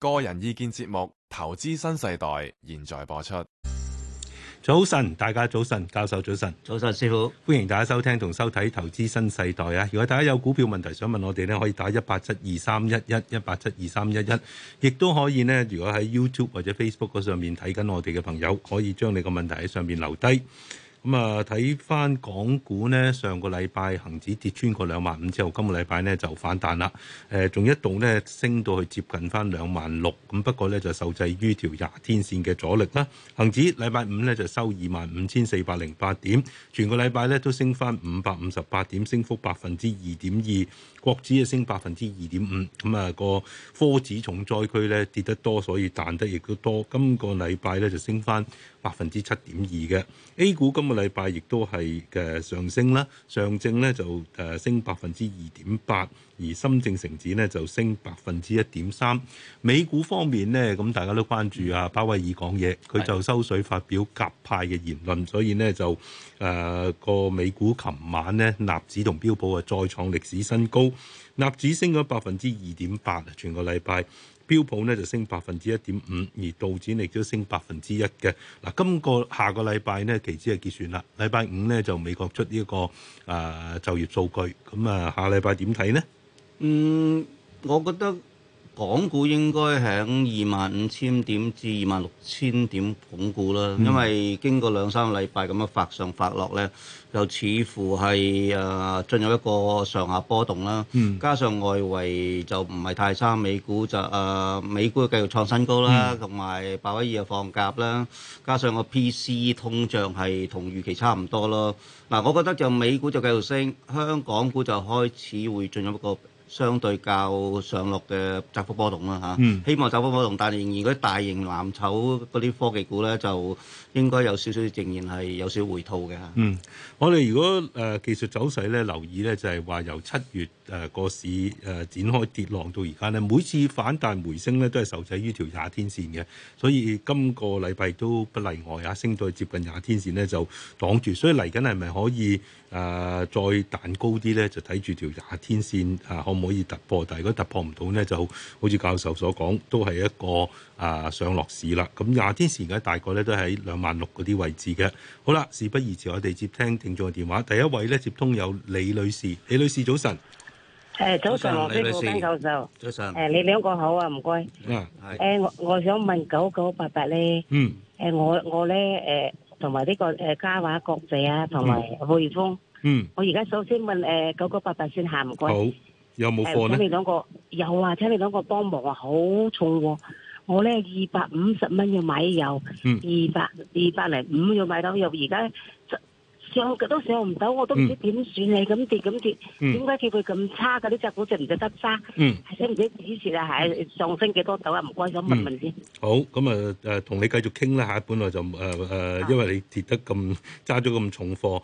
個人意見節目《投資新世代》現在播出。早晨，大家早晨，教授早晨，早晨師傅，歡迎大家收聽同收睇《投資新世代》啊！如果大家有股票問題想問我哋呢，可以打一八七二三一一一八七二三一一，亦都可以呢。如果喺 YouTube 或者 Facebook 上面睇緊我哋嘅朋友，可以將你個問題喺上面留低。咁啊，睇翻港股呢，上個禮拜恒指跌穿個兩萬五之後，今個禮拜呢就反彈啦。誒、呃，仲一度呢升到去接近翻兩萬六。咁不過呢就受制於條廿天線嘅阻力啦。恒指禮拜五呢就收二萬五千四百零八點，全個禮拜呢都升翻五百五十八點，升幅百分之二點二。國指啊升百分之二點五，咁啊個科指重災區咧跌得多，所以彈得亦都多。今個禮拜咧就升返百分之七點二嘅 A 股，今個禮拜亦都係嘅上升啦。上證咧就誒升百分之二點八。而深證成指呢，就升百分之一點三，美股方面呢，咁大家都關注啊，鮑威爾講嘢，佢就收水發表鴿派嘅言論，所以呢，就誒個、呃、美股琴晚呢，納指同標普啊再創歷史新高，納指升咗百分之二點八啊，全個禮拜標普呢就升百分之一點五，而道指亦都升百分之一嘅。嗱，今個下個禮拜呢，期指係結算啦，禮拜五呢，就美國出呢、這、一個、呃、就業數據，咁、嗯、啊下禮拜點睇呢？嗯，我覺得港股應該喺二萬五千點至二萬六千點鞏固啦。嗯、因為經過兩三個禮拜咁樣發上發落呢就似乎係誒進入一個上下波動啦。嗯、加上外圍就唔係太差，美股就誒、呃、美股繼續創新高啦，同埋、嗯、百威二又放假啦。加上個 P C 通脹係同預期差唔多咯。嗱、呃，我覺得就美股就繼續升，香港股就開始會進入一個。相對較上落嘅窄幅波動啦嚇，希望窄幅波動。嗯、波動，但係仍然嗰啲大型藍籌，嗰啲科技股咧就。應該有少少仍然係有少少回吐嘅。嗯，我哋如果誒、呃、技術走勢咧，留意咧就係、是、話由七月誒個、呃、市誒、呃、展開跌浪到而家咧，每次反彈回升咧都係受制於條廿天線嘅。所以今個禮拜都不例外啊，升到接近廿天線咧就擋住。所以嚟緊係咪可以誒、呃、再彈高啲咧？就睇住條廿天線誒、啊、可唔可以突破？但係如果突破唔到咧，就好似教授所講，都係一個。啊，上落市啦！咁廿天時間大概咧，都喺兩萬六嗰啲位置嘅。好啦，事不宜遲，我哋接聽聽眾嘅電話。第一位咧接通有李女士，李女士早晨。早晨，李女士。早晨。誒，你兩個好啊，唔該。啊，係是。誒，我我想問九九八八咧。嗯。誒，我我咧誒，同埋呢個誒嘉華國際啊，同埋匯豐。嗯。我而家首先問誒九九八八先行，唔該。好。有冇貨咧？請你兩個有啊！請你兩個幫忙啊！好重喎、啊。我咧二百五十蚊要買油，二百二百零五要買到油，而家上都上唔到，我都唔知點算你，咁跌咁跌，點解叫佢咁差噶？呢隻股值唔值得揸？係使唔使支持啊？係上升幾多度啊？唔該，想問問先。好，咁啊誒，同你繼續傾啦嚇，本來就誒誒，因為你跌得咁揸咗咁重貨。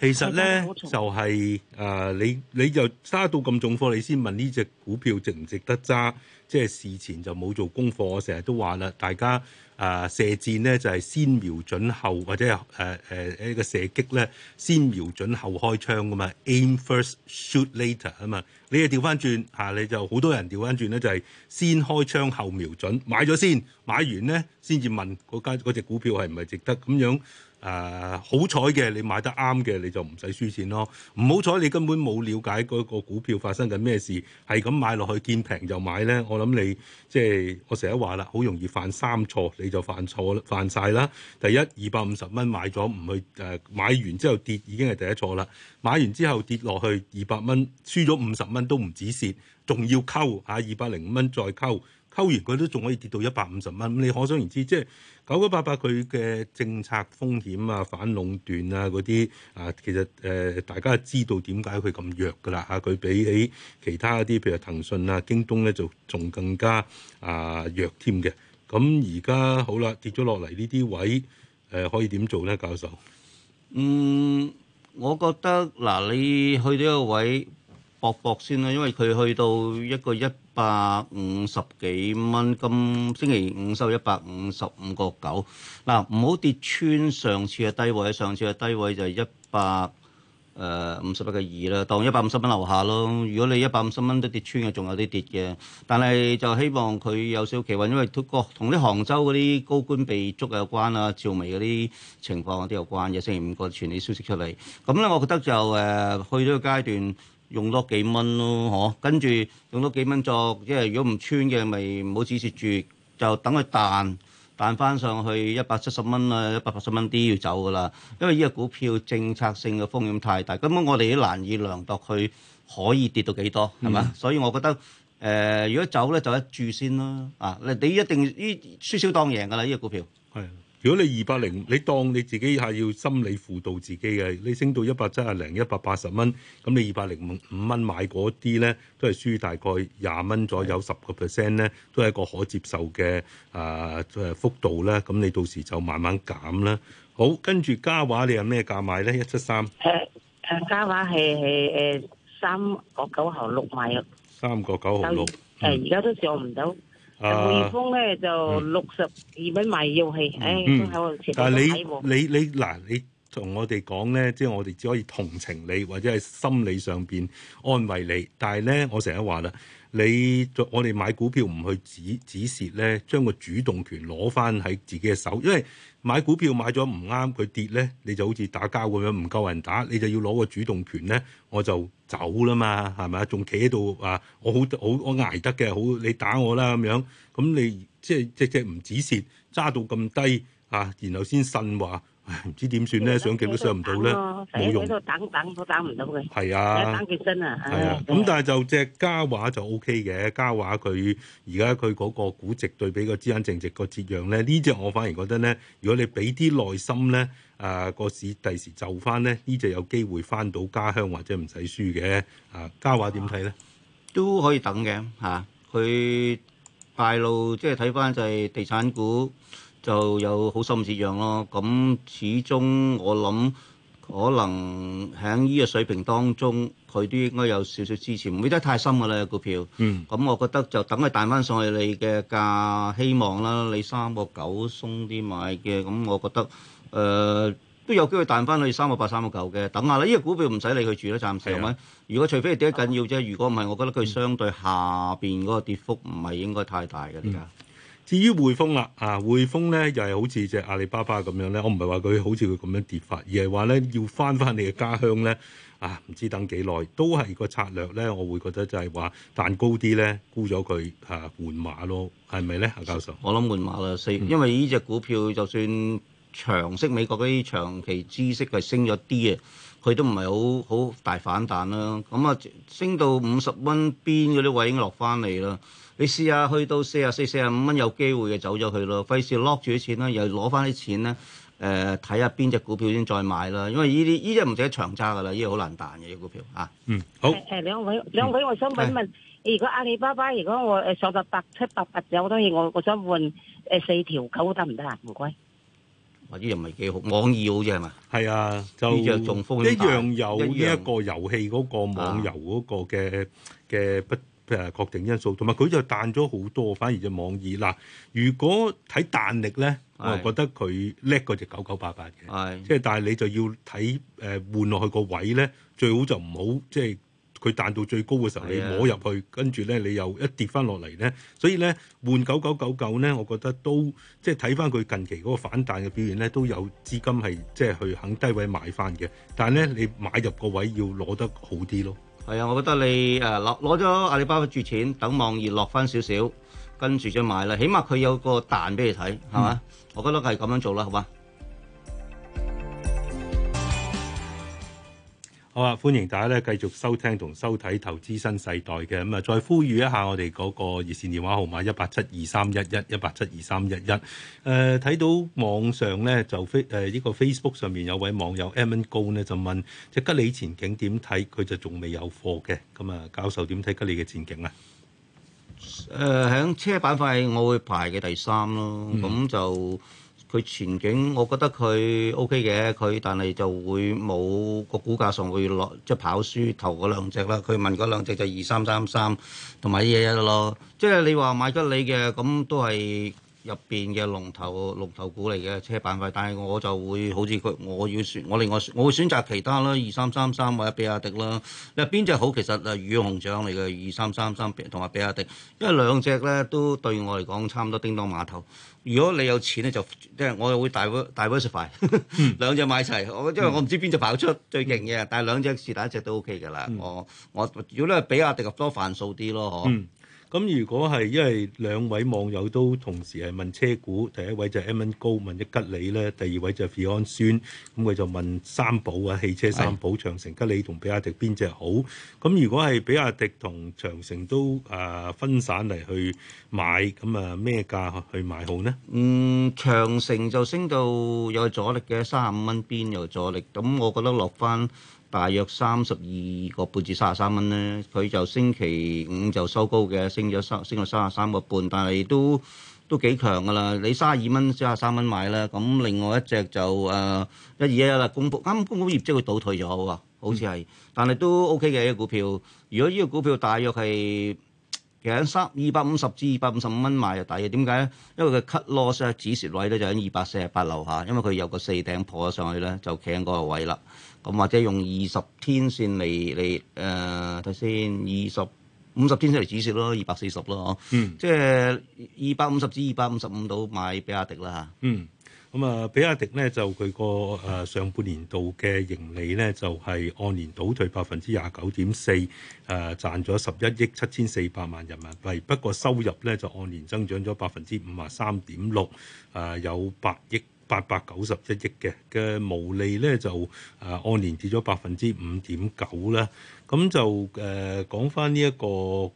其實咧就係，是，誒、呃、你你就揸到咁重貨，你先問呢隻股票值唔值得揸？即係事前就冇做功課。我成日都話啦，大家誒、呃、射箭咧就係，是，先瞄準後，或者誒誒一個射擊咧先瞄準後開槍㗎嘛，aim first shoot later 啊嘛。你係調翻轉嚇，你就好，啊、多人調翻轉咧就係，是，先開槍後瞄準，買咗先，買完咧先至問嗰間隻股票係唔係值得咁樣。誒好彩嘅，你買得啱嘅，你就唔使輸錢咯。唔好彩，你根本冇了解嗰個股票發生緊咩事，係咁買落去，見平就買呢。我諗你即係、就是、我成日話啦，好容易犯三錯，你就犯錯啦，犯晒啦。第一二百五十蚊買咗，唔去誒、啊、買完之後跌已經係第一錯啦。買完之後跌落去二百蚊，輸咗五十蚊都唔止蝕，仲要溝吓二百零五蚊再溝。溝完佢都仲可以跌到一百五十蚊，你可想而知，即係九九八八佢嘅政策風險啊、反壟斷啊嗰啲啊，其實誒大家知道點解佢咁弱噶啦嚇，佢比起其他啲，譬如騰訊啊、京東咧，就仲更加啊弱添嘅。咁而家好啦，跌咗落嚟呢啲位誒，可以點做咧？教授，嗯，我覺得嗱，你去到一個位。搏搏先啦，因為佢去到一個一百五十幾蚊，今星期五收一百五十五個九。嗱，唔好跌穿上次嘅低位，上次嘅低位就係一百誒五十一個二啦。當一百五十蚊樓下咯。如果你一百五十蚊都跌穿嘅，仲有啲跌嘅。但係就希望佢有少企穩，因為同啲杭州嗰啲高官被捉有關啊，趙薇嗰啲情況啲有，有關嘅。星期五個傳啲消息出嚟，咁咧，我覺得就誒、呃、去咗個階段。用多幾蚊咯，嗬？跟住用多幾蚊作，即係如果唔穿嘅，咪唔好止蝕住，就等佢彈彈翻上去一百七十蚊啊，一百八十蚊啲要走噶啦。因為呢個股票政策性嘅風險太大，根本我哋都難以量度佢可以跌到幾多，係嘛、嗯？所以我覺得誒、呃，如果走咧就一注先啦啊！你一定呢輸少當贏㗎啦，呢個股票係。如果你二百零，你當你自己係要心理輔導自己嘅，你升到一百七啊零、一百八十蚊，咁你二百零五蚊買嗰啲咧，都係輸大概廿蚊左右，十個 percent 咧，都係一個可接受嘅啊誒幅度咧，咁你到時就慢慢減啦。好，跟住嘉華你係咩價呢、呃、買咧？一七三誒誒嘉華係誒三個九毫六買咯，三個九毫六誒而家都做唔到。匯豐咧就六十二蚊賣藥氣，唉、呃嗯嗯，但係你你你嗱，你同我哋講咧，即、就、係、是、我哋只可以同情你，或者係心理上邊安慰你。但係咧，我成日話啦，你我哋買股票唔去止止蝕咧，將個主動權攞翻喺自己嘅手，因為。買股票買咗唔啱，佢跌咧，你就好似打交咁樣，唔夠人打，你就要攞個主動權咧，我就走啦嘛，係咪啊？仲企喺度啊？我好好我捱得嘅，好你打我啦咁樣，咁你即係隻隻唔止蝕，揸到咁低啊，然後先呻話。唔 知點算咧，上極都上唔到咧，冇、啊、用。喺度等等都等唔到嘅。係啊，等結婚啊。係啊，咁但係就隻嘉華就 OK 嘅，嘉華佢而家佢嗰個估值對比個資產淨值節呢、這個折讓咧，呢隻我反而覺得咧，如果你俾啲耐心咧，誒、啊、個市第時就翻咧，呢、這、隻、個、有機會翻到家鄉或者唔使輸嘅。啊，嘉華點睇咧？都可以等嘅嚇，佢、啊、大路即係睇翻就係、是、地產股。就有好心折讓咯，咁始終我諗可能喺呢個水平當中，佢都應該有少少支持，唔會得太深嘅啦，個股票。嗯，咁、嗯、我覺得就等佢彈翻上去你嘅價，希望啦，你三個九鬆啲買嘅，咁我覺得誒都有機會彈翻去三個八三個九嘅。等下啦，呢個股票唔使理佢住啦，暫時。係。如果除非你跌得緊要啫，如果唔係，我覺得佢相對下邊嗰個跌幅唔係應該太大嘅。點解、嗯？嗯至於匯豐啦，啊匯豐咧又係好似隻阿里巴巴咁樣咧，我唔係話佢好似佢咁樣跌法，而係話咧要翻翻你嘅家鄉咧，啊唔知等幾耐，都係個策略咧，我會覺得就係話彈高啲咧，沽咗佢啊換馬咯，係咪咧，阿、啊、教授？我諗換馬啦，所以因為呢隻股票、嗯、就算長息美國嗰啲長期知識係升咗啲嘅，佢都唔係好好大反彈啦。咁啊，升到五十蚊邊嗰啲位已經落翻嚟啦。你試下去到四啊四、四啊五蚊有機會嘅走咗去咯，費事 lock 住啲錢啦，又攞翻啲錢啦，誒睇下邊隻股票先再買啦，因為呢啲呢隻唔使長揸噶啦，呢個好難彈嘅呢個股票啊。嗯，好。誒兩位兩位，兩位我想問問，嗯、如果阿里巴巴，如果我誒、呃、上百八七百八，有好多嘢，我我想換誒四條狗得唔得啊？唔該？或者又唔係幾好網易好似係嘛？係啊，就呢隻中風一樣有呢一個遊戲嗰個網遊嗰個嘅嘅不。啊啊誒確定因素，同埋佢就彈咗好多，反而就網易嗱，如果睇彈力咧，的我覺得佢叻過隻九九八八嘅，即係的但係你就要睇誒、呃、換落去個位咧，最好就唔好即係佢彈到最高嘅時候你摸入去，的跟住咧你又一跌翻落嚟咧，所以咧換九九九九咧，我覺得都即係睇翻佢近期嗰個反彈嘅表現咧，都有資金係即係去肯低位買翻嘅，但係咧你買入個位要攞得好啲咯。係啊，我覺得你誒攞咗阿里巴巴注錢，等網頁落返少少，跟住再買啦。起碼佢有個彈俾你睇，係嘛、嗯？我覺得係咁樣做啦，好嘛？好啊！歡迎大家咧繼續收聽同收睇《投資新世代》嘅咁啊！再呼籲一下我哋嗰個熱線電話號碼一八七二三一一一八七二三一一。誒、呃、睇到網上咧就誒呢、呃呢個 Facebook 上面有位網友 Amen 高呢就問：即吉利前景點睇？佢就仲未有貨嘅咁啊！教授點睇吉利嘅前景啊？誒喺、呃、車板塊，我會排嘅第三咯。咁、嗯、就。佢前景，我覺得佢 O K 嘅，佢但係就會冇個股價上會落，即係跑輸頭嗰兩隻啦。佢問嗰兩隻就二三三三同埋一一咯。即係你話買吉你嘅咁都係入面嘅龍頭龍頭股嚟嘅車板塊，但係我就會好似佢，我要選，我另外我會選擇其他啦，二三三三或者比亞迪啦。你話邊隻好？其實係魚熊掌嚟嘅二三三三同埋比亞迪，因為兩隻呢都對我嚟講差唔多叮當碼頭。如果你有錢咧，就我又會 diversify 兩隻買齊。嗯、因為我唔知邊隻跑出最勁嘅，嗯、但係兩隻是但一隻都 O K 㗎啦。我我如果咧，比亞迪入多番數啲咯，嗯咁如果係因為兩位網友都同時係問車股，第一位就係 Mn 高問一吉利咧，第二位就係菲安酸，咁佢就問三寶啊，汽車三寶，是的 長城、吉利同比亞迪邊隻好？咁如果係比亞迪同長城都誒分散嚟去買，咁啊咩價去買好呢？嗯，長城就升到有阻力嘅三十五蚊邊，有阻力，咁我覺得落翻。大約三十二個半至三十三蚊咧，佢就星期五就收高嘅，升咗三升咗三十三個半，但係都都幾強噶啦。你三十二蚊、三十三蚊買啦，咁另外一隻就誒一二一一啦，呃、1, 2, 1, 2, 1, 公佈啱公佈業績會倒退咗啊，好似係，但係都 O K 嘅呢隻股票。如果呢個股票大約係其實三二百五十至二百五十五蚊買就抵嘅。點解咧？因為佢 cut loss 嘅止蝕位咧就喺二百四十八樓下，因為佢有個四頂破咗上去咧，就企喺嗰個位啦。咁或者用二十天線嚟嚟誒睇先，二十五十天線嚟指示咯，二百四十咯，哦、嗯，即係二百五十至二百五十五度買比亞迪啦嚇。嗯，咁啊，比亞迪咧就佢個誒上半年度嘅盈利咧就係、是、按年倒退百分之廿九點四，誒賺咗十一億七千四百萬人民幣，不過收入咧就按年增長咗百分之五十三點六，誒、呃、有百億。八百九十一億嘅嘅毛利咧就誒按年跌咗百分之五點九啦，咁、呃、就誒講翻呢一個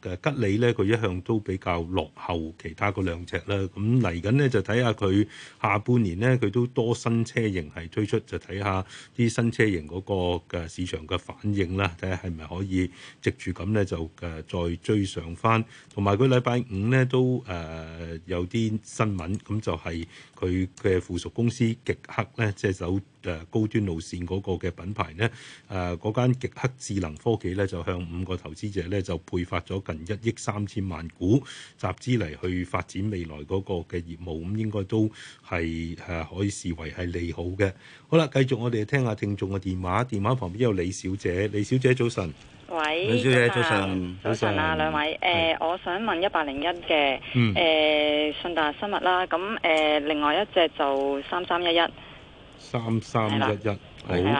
嘅吉利咧，佢一向都比較落後其他嗰兩隻啦，咁嚟緊咧就睇下佢下半年咧佢都多新車型係推出，就睇下啲新車型嗰、嗰個嘅、啊、市場嘅反應啦，睇下係咪可以藉住咁咧就誒、啊、再追上翻，同埋佢禮拜五咧都誒、呃、有啲新聞，咁就係、是。.佢嘅附屬公司極客呢，即係走誒高端路線嗰個嘅品牌呢。誒嗰間極客智能科技呢，就向五個投資者呢，就配發咗近一億三千萬股集資嚟去發展未來嗰個嘅業務，咁應該都係誒可以視為係利好嘅。好啦，繼續我哋聽下聽，聽，聽眾嘅電話，電話旁邊有李小姐，李小姐早晨。喂，各位早晨，早晨啊，兩位，誒，我想問一百零一嘅，誒，信達生物啦，咁誒，另外一隻就三三一一，三三一一，好，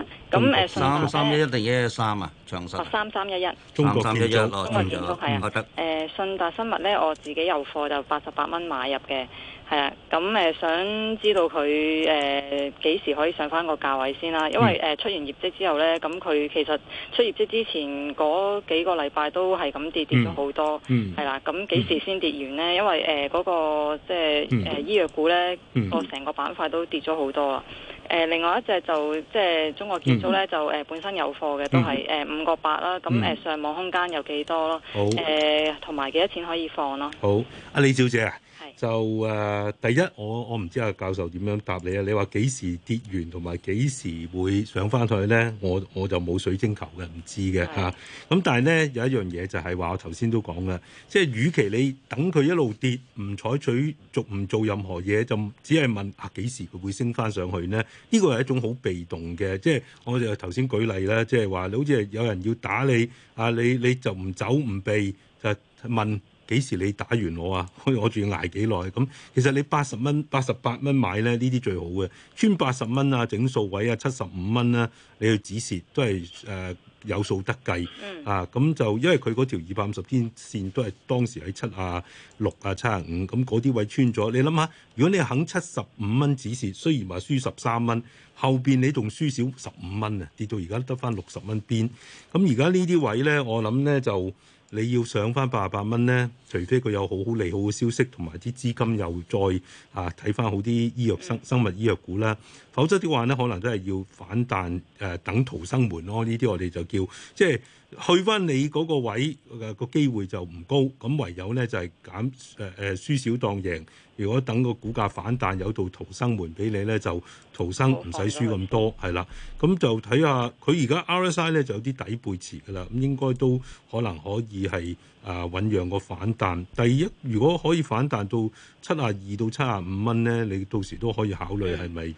三三一一定一一三啊，長實，三三一一，中國建築，中國建築，係啊，誒，信達生物咧，我自己有貨就八十八蚊買入嘅。係啊，咁誒，嗯嗯、想知道佢誒幾時可以上翻個價位先啦？因為誒、呃、出完業績之後咧，咁、嗯、佢、嗯、其實出業績之前嗰幾個禮拜都係咁跌跌咗好多，係啦、嗯。咁、嗯、幾時先跌完咧？因為誒嗰、呃嗰個即係誒醫藥股咧，嗯嗯、個成個板塊都跌咗好多啊。誒、呃，另外一隻就即係、就是、中國建築咧，嗯、就誒本身有貨嘅都係誒五個八啦。咁、嗯、誒、嗯嗯、上望空間有幾多咯？誒、呃，同埋幾多錢可以放咯？好，阿李小姐啊。就誒、呃，第一我我唔知阿教授點樣答你啊？你話幾時跌完同埋幾時會上翻去咧？我我就冇水晶球嘅，唔知嘅嚇。咁的、啊、但係咧有一樣嘢就係話我頭先都講嘅，即係與其你等佢一路跌，唔採取，唔做任何嘢，就只係問啊幾時佢會升翻上去咧？呢個係一種好被動嘅，即係我就頭先舉例啦，即係話你好似係有人要打你，啊你你就唔走唔避就問。幾時你打完我啊？我仲要捱幾耐？咁其實你八十蚊、八十八蚊買咧，呢啲最好嘅穿八十蚊啊，整數位啊，七十五蚊啦，你去止蝕都係誒、呃、有數得計。嗯、啊，咁就因為佢嗰條二百五十天線都係當時喺七啊六啊七啊五，咁嗰啲位穿咗。你諗下，如果你肯七十五蚊止蝕，雖然話輸十三蚊，後邊你仲輸少十五蚊啊，跌到而家得返六十蚊邊。咁而家呢啲位咧，我諗咧就。你要上翻八十八蚊咧，除非佢有好好利好嘅消息，同埋啲資金又再啊睇翻好啲醫藥生生物醫藥股啦，否則的話咧，可能都係要反彈誒、啊、等逃生門咯。呢啲我哋就叫即係。去翻你嗰個位，個機會就唔高，咁唯有咧就係、是、減誒誒、呃、輸少當贏。如果等個股價反彈有道逃生門俾你咧，就逃生唔使輸咁多，係啦。咁就睇下佢而家 RSI 咧就有啲底背馳噶啦，咁應該都可能可以係。啊，醞釀個反彈。第一，如果可以反彈到七十二到七十五蚊咧，你到時都可以考慮係咪誒，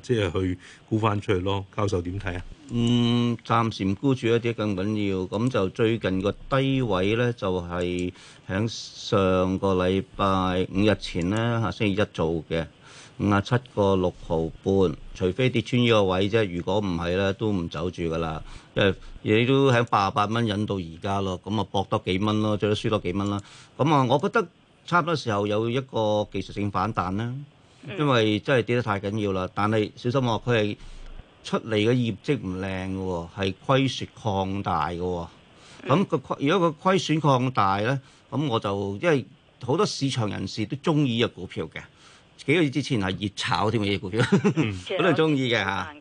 即係去估翻出去咯。教授點睇啊？嗯，暫時唔估住一啲更緊要。咁就最近個低位咧，就係、是、喺上個禮拜五日前咧，嚇星期一做嘅，五十七個六毫半，65，除非跌穿呢個位啫。如果唔係咧，都唔走住噶啦。因為你都喺八十八蚊引到而家咯，咁啊搏多幾蚊咯，最多輸多幾蚊啦。咁啊，我覺得差唔多時候有一個技術性反彈啦。因為真係跌得太緊要啦。但係小心喎、啊，佢係出嚟嘅業績唔靚嘅喎，係虧損擴大嘅喎。咁個虧如果個虧損擴大咧，咁我就因為好多市場人士都中意呢個股票嘅。幾個月之前係熱炒添嘅嘢股票、嗯，本來中意嘅吓，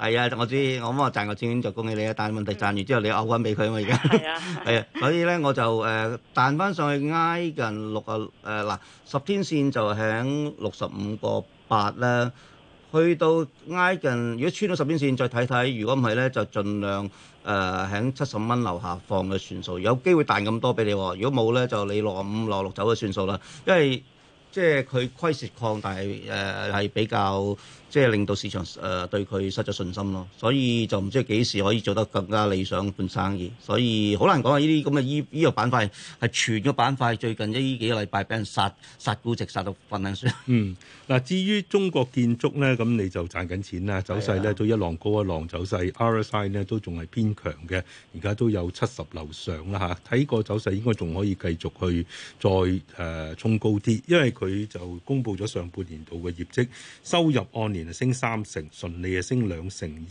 係啊，我知，我咁我賺個錢就恭喜你啊。但係問題賺完之後、嗯、你嘔返俾佢啊嘛，而家係啊，係啊， 所以咧我就誒彈翻上去挨近六啊誒嗱，十天線就喺六十五個八啦。去到挨近如果穿到十天線再睇睇，如果唔係咧就盡量誒喺七十蚊樓下放嘅算數，有機會彈咁多俾你。如果冇咧就你落五落六走嘅算數啦，因為。即係佢虧蝕擴大，誒、呃、係比較。即係令到市場誒對佢失咗信心咯，所以就唔知幾時可以做得更加理想半生意，所以好難講啊！呢啲咁嘅醫醫藥板塊係全個板塊最近呢呢幾個禮拜俾人殺殺估值殺到分量算。嗯，嗱，至於中國建築咧，咁你就賺緊錢啦，走勢咧的都一浪高一浪走勢，RSI 咧都仲係偏強嘅，而家都有七十樓上啦嚇，睇個走勢應該仲可以繼續去再誒、呃、衝高啲，因為佢就公布咗上半年度嘅業績收入按年。升三成，順利啊，升兩成一，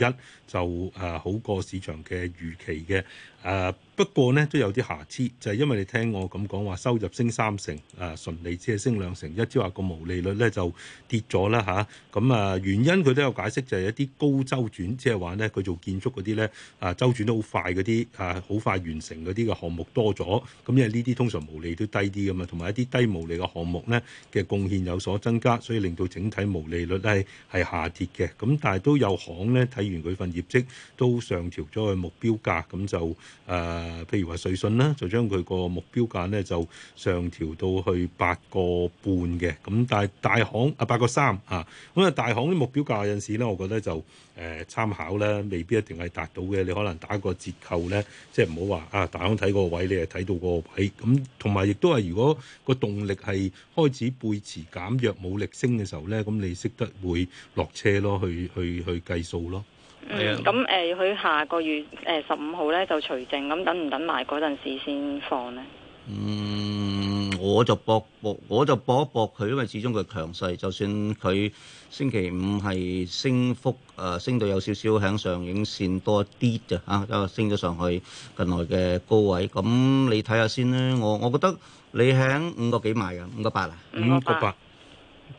就誒好過市場嘅預期嘅。誒、uh, 不過咧都有啲瑕疵，就係、是、因為你聽我咁講話收入升三成，誒、啊、純利只係升兩成，一朝話個毛利率咧就跌咗啦吓，咁啊原因佢都有解釋，就係一啲高周轉，即係話咧佢做建築嗰啲咧，啊週轉得好快嗰啲啊好快完成嗰啲嘅項目多咗，咁因為呢啲通常毛利都低啲㗎嘛，同埋一啲低毛利嘅項目咧嘅貢獻有所增加，所以令到整體毛利率係係下跌嘅。咁但係都有行咧睇完佢份業績都上調咗佢目標價，咁就。誒、呃，譬如話瑞信咧，就將佢個目標價咧就上調到去八個半嘅，咁但係大行啊八個三嚇，咁啊大行啲目標價有陣時咧，我覺得就誒、呃、參考咧，未必一定係達到嘅，你可能打個折扣咧，即係唔好話啊大行睇個位，你係睇到個位，咁同埋亦都係如果個動力係開始背馳減弱、冇力升嘅時候咧，咁你識得會落車咯，去去去計數咯。嗯，咁誒、嗯，佢、嗯呃、下個月誒十五號咧就除淨，咁、嗯、等唔等埋嗰陣時先放呢？嗯，我就博博，我就博一博佢，因為始終佢強勢，就算佢星期五係升幅誒、呃、升到有少少喺上影線多啲啫，吓、啊，因為升咗上去近來嘅高位，咁你睇下先啦。我我覺得你喺五個幾賣㗎，五個八啊？五個八。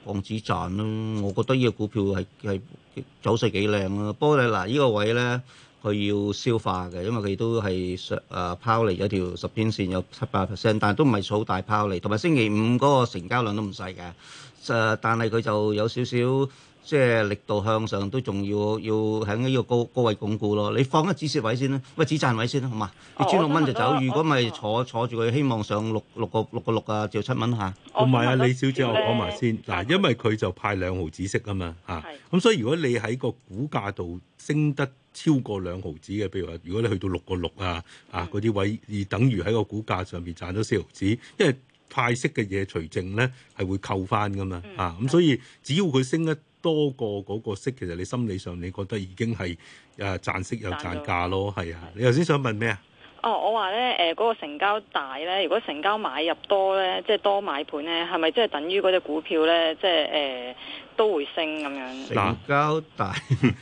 放止賺咯，我覺得呢個股票係係走勢幾靚啊。不過咧，嗱呢個位咧，佢要消化嘅，因為佢都係上啊拋離咗條十天線有七八 percent，但係都唔係好大拋離，同埋星期五嗰個成交量都唔細嘅，誒、呃，但係佢就有少少。即係力度向上都仲要要喺呢個高高位鞏固咯。你放一止蝕位先啦，喂，止賺位先啦、啊，好嘛、哦？你穿六蚊就走。如果咪坐坐住佢，希望上六六個六個六啊，就七蚊嚇。唔係啊，李小姐，我講埋先嗱，的因為佢就派兩毫子息嘛的啊嘛嚇。咁所以如果你喺個股價度升得超過兩毫紙嘅，譬如話，如果你去到六個六啊啊嗰啲位，等於喺個股價上邊賺咗四毫紙，因為派息嘅嘢除淨咧係會扣翻噶嘛嚇。咁、啊啊、所以只要佢升得。多過嗰個息，其實你心理上你覺得已經係誒賺息又賺價咯，係啊！你頭先想問咩啊？哦，我話咧誒嗰個成交大咧，如果成交買入多咧，即係多買盤咧，係咪即係等於嗰隻股票咧，即係誒都會升咁樣？成交大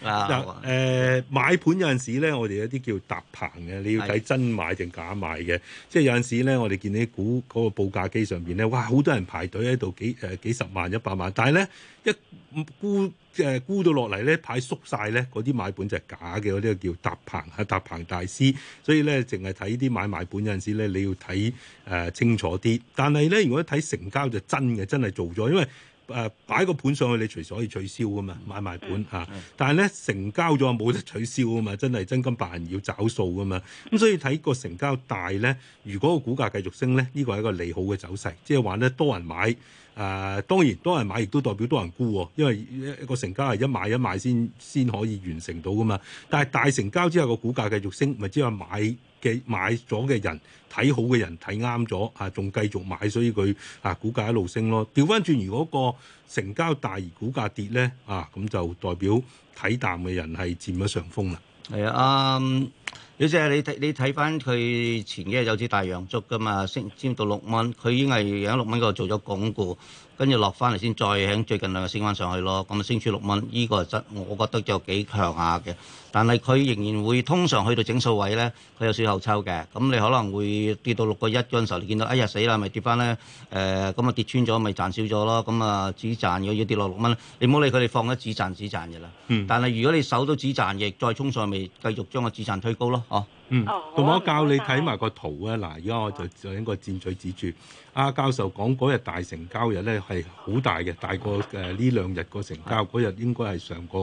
嗱誒買盤有陣時咧，我哋有啲叫搭棚嘅，你要睇真買定假買嘅，的即係有陣時咧，我哋見到啲股嗰個報價機上邊咧，哇，好多人排隊喺度幾誒幾，幾十萬一百萬，但係咧。一沽誒沽到落嚟咧，牌縮晒咧，嗰啲買本就係假嘅，嗰啲叫搭棚嚇，搭棚大師。所以咧，淨係睇啲買賣本嗰陣時咧，你要睇誒清楚啲。但係咧，如果睇成交就真嘅，真係做咗，因為誒擺、呃、個盤上去，你隨時可以取消噶嘛，買賣盤嚇。但係咧，成交咗冇得取消噶嘛，真係真金白銀要找數噶嘛。咁所以睇個成交大咧，如果個股價繼續升咧，呢個係一個利好嘅走勢，即係話咧多人買。誒、uh, 當然多人買，亦都代表多人沽喎、哦，因為一個成交係一買一賣先先可以完成到㗎嘛。但係大成交之後，個股價繼續升，咪即係買嘅買咗嘅人，睇好嘅人睇啱咗啊，仲繼續買，所以佢啊股價一路升咯。掉返轉，如果個成交大而股價跌咧啊，咁就代表睇淡嘅人係佔咗上風啦。係啊、yeah, um，啱。李姐，你睇你睇翻佢前幾日有支大陽燭㗎嘛，升，升到六蚊，佢已經係喺六蚊嗰度做咗鞏固。跟住落翻嚟先，再喺最近兩個升翻上去咯。咁啊，升出六蚊，依、這個係，我覺得就幾強下嘅。但係佢仍然會通常去到整數位咧，佢有少少後抽嘅。咁你可能會跌到六個一嗰陣時候，你見到哎呀死啦，咪跌翻咧？誒咁啊，跌穿咗咪賺少咗咯？咁啊，止賺嘅要跌落六蚊，你唔好理佢哋放咗止賺止賺嘅啦。嗯。但係如果你守到止賺，亦再衝上咪繼續將個止賺推高咯，哦。嗯，同埋我教你睇埋個圖、嗯、啊！嗱，而家我就、嗯、就應該箭嘴指住阿教授講嗰日大成交日咧係好大嘅，大過誒呢兩日個成交嗰日、嗯、應該係上個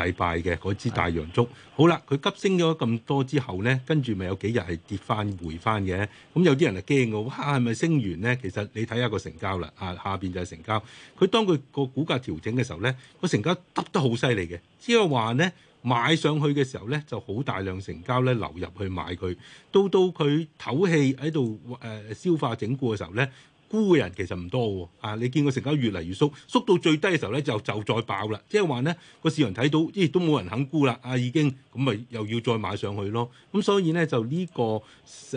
禮拜嘅嗰支大陽燭。好啦，佢急升咗咁多之後咧，跟住咪有幾日係跌翻回翻嘅。咁、嗯、有啲人係驚嘅，哇！係咪升完咧？其實你睇下個成交啦，啊，下邊就係成交。佢當佢個股價調整嘅時候咧，個成交耷得好犀利嘅，即係話咧。買上去嘅時候咧，就好大量成交咧流入去買佢，到到佢唞氣喺度誒消化整固嘅時候咧。沽嘅人其實唔多喎，啊，你見個成交越嚟越縮，縮到最低嘅時候咧，就就再爆啦，即係話咧個市場睇到，即、哎、係都冇人肯沽啦，啊，已經咁咪又要再買上去咯，咁、啊、所以咧就呢、呢個誒、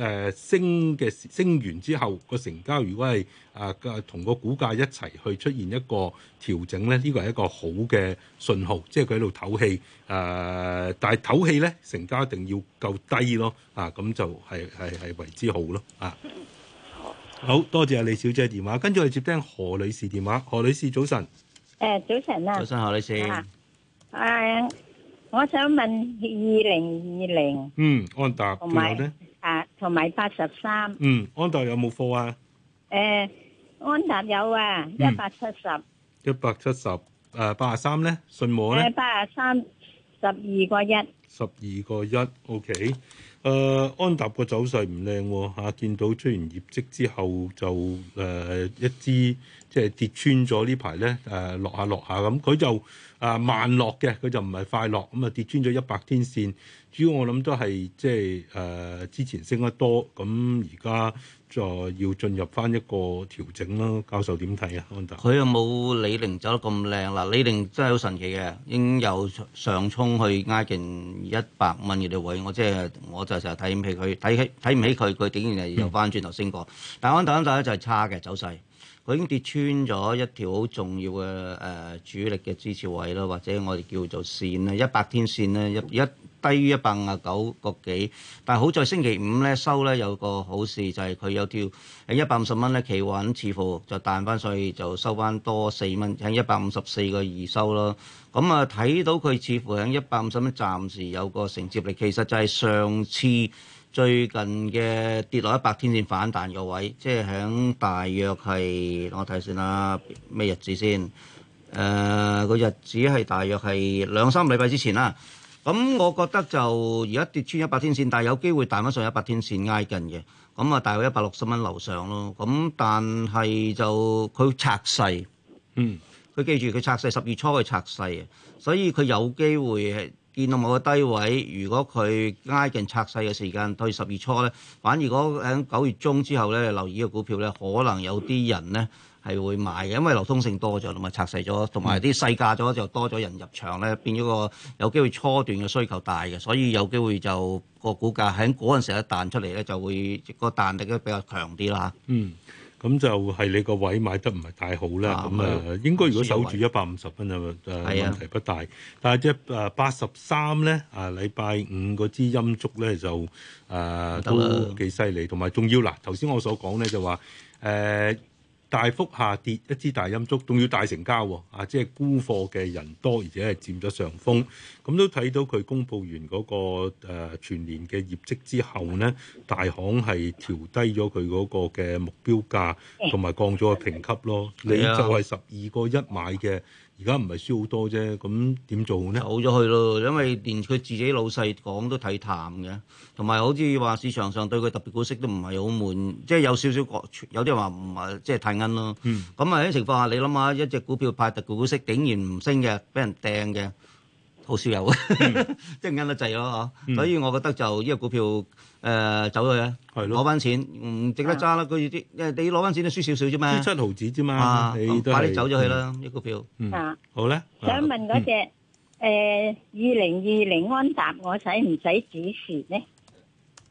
啊、升嘅升完之後，個成交如果係啊同個股價一齊去出現一個調整咧，呢個係一個好嘅信號，即係佢喺度唞氣，誒、啊，但係唞氣咧成交一定要夠低咯，啊，咁就係係係為之好咯，啊。好多謝阿李小姐電話，跟住我哋接聽何女士電話。何女士早晨，誒早晨啦、啊，早晨何女士，誒、啊，我想問二零二零，嗯安達，同埋咧，啊同埋八十三，嗯安達有冇貨啊？誒、嗯、安達有，有，、啊啊、有啊，一百七十，一百七十誒八十三咧，信和咧，八十三十二個一，十二個一，OK。誒、呃、安踏個走勢唔靚喎嚇，見到出完業績之後就誒、呃、一支。即係跌穿咗呢排咧，誒、啊、落下落下咁，佢就啊慢落嘅，佢就唔係快落咁啊跌穿咗一百天線。主要我諗都係即係誒之前升得多，咁而家就要進入翻一個調整囉。教授點睇啊？安踏佢又冇李寧走得咁靚啦，李寧真係好神奇嘅，應有上衝去挨近一百蚊嘅位。我即、就、係、是、我就成日睇唔起佢，睇起睇唔起佢，佢竟然係又翻轉頭升過。 但安踏安踏咧就係差嘅走勢。佢已經跌穿咗一條好重要嘅誒、呃、主力嘅支持位咯，或者我哋叫做線咧，一百天線咧一一低於一百五十九個幾，但係好在星期五咧收咧有個好事就係、是、佢有條喺一百五十蚊咧企穩，似乎就彈翻，所以就收翻多四蚊，喺一百五十四個二收咯。咁啊睇到佢似乎喺一百五十蚊暫時有個承接力，其實就係上次。最近嘅跌落一百天線反彈個位，即係喺大約係，我睇下先啦，咩日子先？誒、呃、個日子係大約係兩三個禮拜之前啦。咁我覺得就而家跌穿一百天線，但係有機會大翻上一百天線挨近嘅。咁啊，大約一百六十蚊樓上咯。咁但係就佢拆細，嗯，佢記住佢拆細，十月初去拆細啊。所以佢有機會係。見到某個低位，如果佢挨近拆細嘅時間，對十二月初咧，反而如果喺九月中之後咧，留意個股票咧，可能有啲人咧係會買嘅，因為流通性多咗，同埋拆細咗，同埋啲細價咗就多咗人入場咧，變咗個有機會初段嘅需求大嘅，所以有機會就個股價喺嗰陣時一彈出嚟咧，就會個彈力都比較強啲啦。嗯。咁就係你個位買得唔係太好啦，咁啊那、嗯、應該如果守住一百五十蚊啊，誒、呃、問題不大。的但係即係誒八十三咧，啊禮拜五嗰支陰燭咧就誒都幾犀利，同埋仲要嗱，頭先我所講咧就話誒。呃大幅下跌一支大陰燭，仲要大成交、哦、啊，即係沽貨嘅人多，而且係佔咗上風。咁、嗯、都睇到佢公布完嗰、那個誒、呃、全年嘅業績之後呢，大行係調低咗佢嗰個嘅目標價同埋降咗個評級咯。的你就係十二個一買嘅。而家唔係輸好多啫，咁點做呢？走咗去咯，因為連佢自己老細講都睇淡嘅，同埋好似話市場上對佢特別股息都唔係好滿，即係有少少國，有啲話唔係即係太奀咯。咁啊喺情況下，你諗下，一隻股票派特股股息，竟然唔升嘅，俾人掟嘅，好少有，即係奀得滯咯。嗯、所以我覺得就呢個股票。誒走咗去，攞翻錢唔值得揸啦。佢啲，因為你攞翻錢都輸少少啫嘛，輸七毫子啫嘛，快啲走咗去啦，一個票。好啦，想問嗰隻誒二零二零安踏，我使唔使止蝕咧？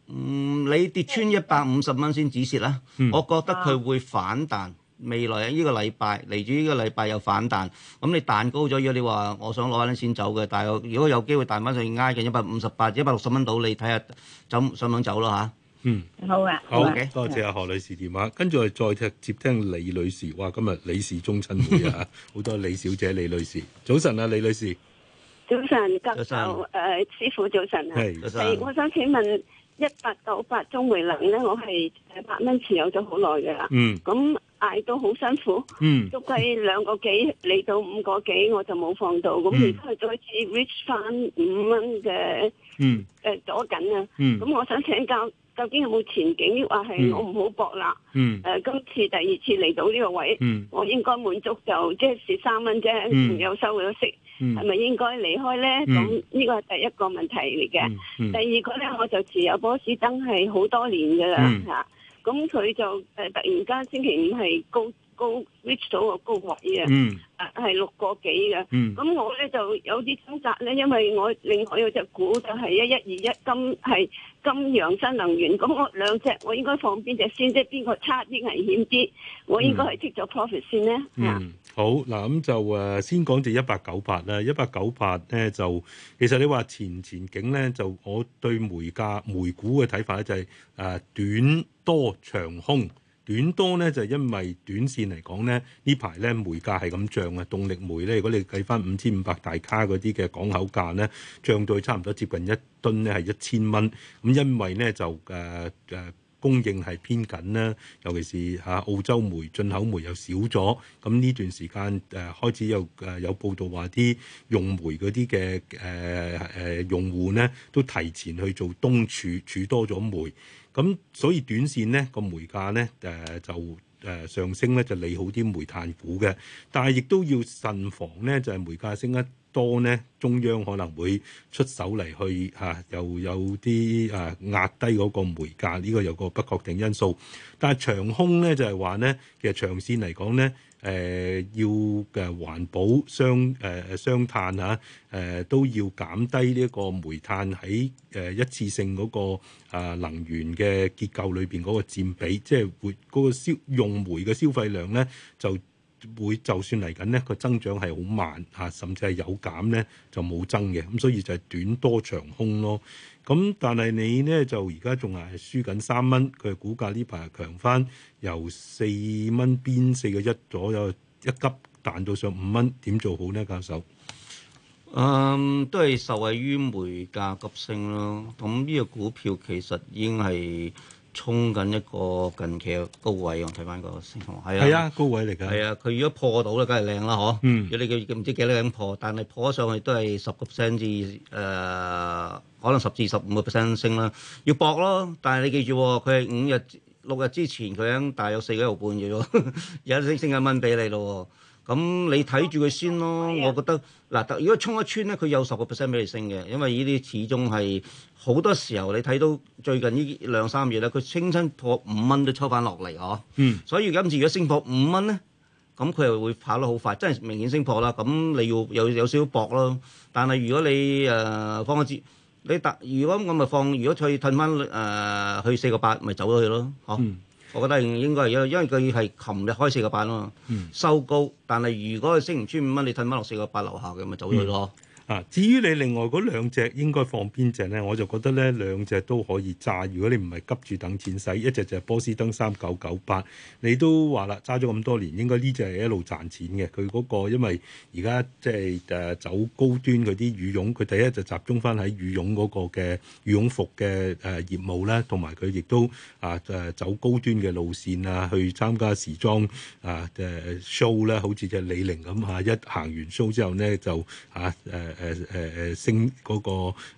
嗯，你跌穿一百五十蚊先止蝕啦。我覺得佢會反彈。未來呢個禮拜嚟住呢個禮拜又反彈，咁你彈高咗，如果你話我想攞翻啲錢走嘅，但係如果有機會彈翻上去挨近一百五十八、至一百六十蚊到，你睇下走想唔想走咯吓，嗯，好啊，好嘅，多謝何女士電話，跟住再聽接聽李女士，哇！今日李氏中親會啊，好多李小姐、李女士，早晨啊，李女士，早晨，教授，師傅，早晨啊，係，我想請問一百九八中匯能咧，我係百蚊持有咗好耐嘅啦，嗯，咁。賣都好辛苦，捉低兩個幾嚟到五個幾，我就冇放到。咁而家係再次 reach 翻五蚊嘅，誒，左緊啊。咁我想請教，究竟有冇前景？抑或係我唔好搏啦。誒，今次第二次嚟到呢個位，我應該滿足就即係蝕三蚊啫，持有收咗息，係咪應該離開咧？咁呢個係第一個問題嚟嘅。第二個咧，我就持有波士登係好多年噶啦吓。咁佢就誒突然間星期五係高高 reach 到個高位啊，係六個幾嘅。咁我咧就有啲掙扎咧，因為我另外有隻股就係一一二一金，係金陽新能源。咁我兩隻我應該放邊隻先？即係邊個差啲危險啲？我應該係 take 咗 profit 先咧。嗯，好嗱，咁就誒先講住一八九八啦。一八九八咧就其實你話前前景咧，就我對煤價煤股嘅睇法咧就係誒短。多長空，短多咧就是、因為短線嚟講咧，呢排咧煤價係咁漲啊！動力煤咧，如果你計翻五千五百大卡嗰啲嘅港口價咧，漲到去差唔多接近一噸咧係一千蚊。咁因為咧就誒誒、呃、供應係偏緊啦，尤其是嚇澳洲煤進口煤又少咗。咁呢段時間誒、呃、開始又誒、呃、有報道話啲用煤嗰啲嘅誒誒用戶咧都提前去做冬儲儲多咗煤。咁所以短線咧個煤價咧誒、呃、就誒、呃、上升咧就利好啲煤炭股嘅，但係亦都要慎防咧就係、是、煤價升得多咧，中央可能會出手嚟去嚇又、啊、有啲啊壓低嗰個煤價，呢、這個有個不確定因素。但係長空咧就係話咧，其實長線嚟講咧。誒、呃、要嘅環保雙誒、呃、雙碳嚇誒、呃、都要減低呢個煤炭喺誒、呃、一次性嗰、那個、呃、能源嘅結構裏邊嗰個佔比，即係會嗰個消用煤嘅消費量咧，就會就算嚟緊咧個增長係好慢嚇、啊，甚至係有減咧就冇增嘅，咁所以就係短多長空咯。咁但係你咧就而家仲係輸緊三蚊，佢股價呢排強返，由四蚊變四個一左右一急彈到上五蚊，點做好呢？教授？嗯，都係受惠於煤價急升咯。咁呢個股票其實已經係。衝緊一個近期高位，我睇翻個市況，係啊，啊，高位嚟㗎。係啊，佢如果破到咧，梗係靚啦，嗬。嗯。如果你唔知幾多人破，但係破上去都係十個 percent 至誒、呃，可能十至十五個 percent 升啦。要搏咯，但係你記住，佢係五日六日之前，佢已喺大約四個半嘅啫，有升升一蚊俾你咯。咁、嗯、你睇住佢先咯。我覺得嗱，特如果衝一穿咧，佢有十個 percent 俾你升嘅，因為呢啲始終係。好多時候你睇到最近呢兩三月咧，佢清身破五蚊都抽翻落嚟，嗬。嗯。所以而家今次如果升破五蚊咧，咁佢又會跑得好快，真係明顯升破啦。咁你要有有少少搏咯。但係如果你誒、呃、放一截，你突如果咁咪放，如果再褪翻誒去四個八，咪走咗去咯。嗬。嗯、我覺得應該係，因為因為佢係琴日開四個八咯。嗯。收高，但係如果佢升唔出五蚊，你褪翻落四個八樓下嘅，咪走咗去咯。嗯。啊！至於你另外嗰兩隻應該放邊隻咧？我就覺得咧兩隻都可以揸。如果你唔係急住等錢使，一隻就係波司登三九九八，你都話啦揸咗咁多年，應該呢隻係一路賺錢嘅。佢嗰、嗰個因為而家即係誒走高端嗰啲羽絨，佢第一就集中翻喺羽絨嗰個嘅羽絨服嘅誒、啊、業務咧，同埋佢亦都啊誒走高端嘅路線啊，去參加時裝啊嘅、啊、show 咧、啊，好似隻李寧咁吓，一行完 show 之後咧就啊誒。啊啊啊啊啊啊啊啊誒誒誒升嗰、那個、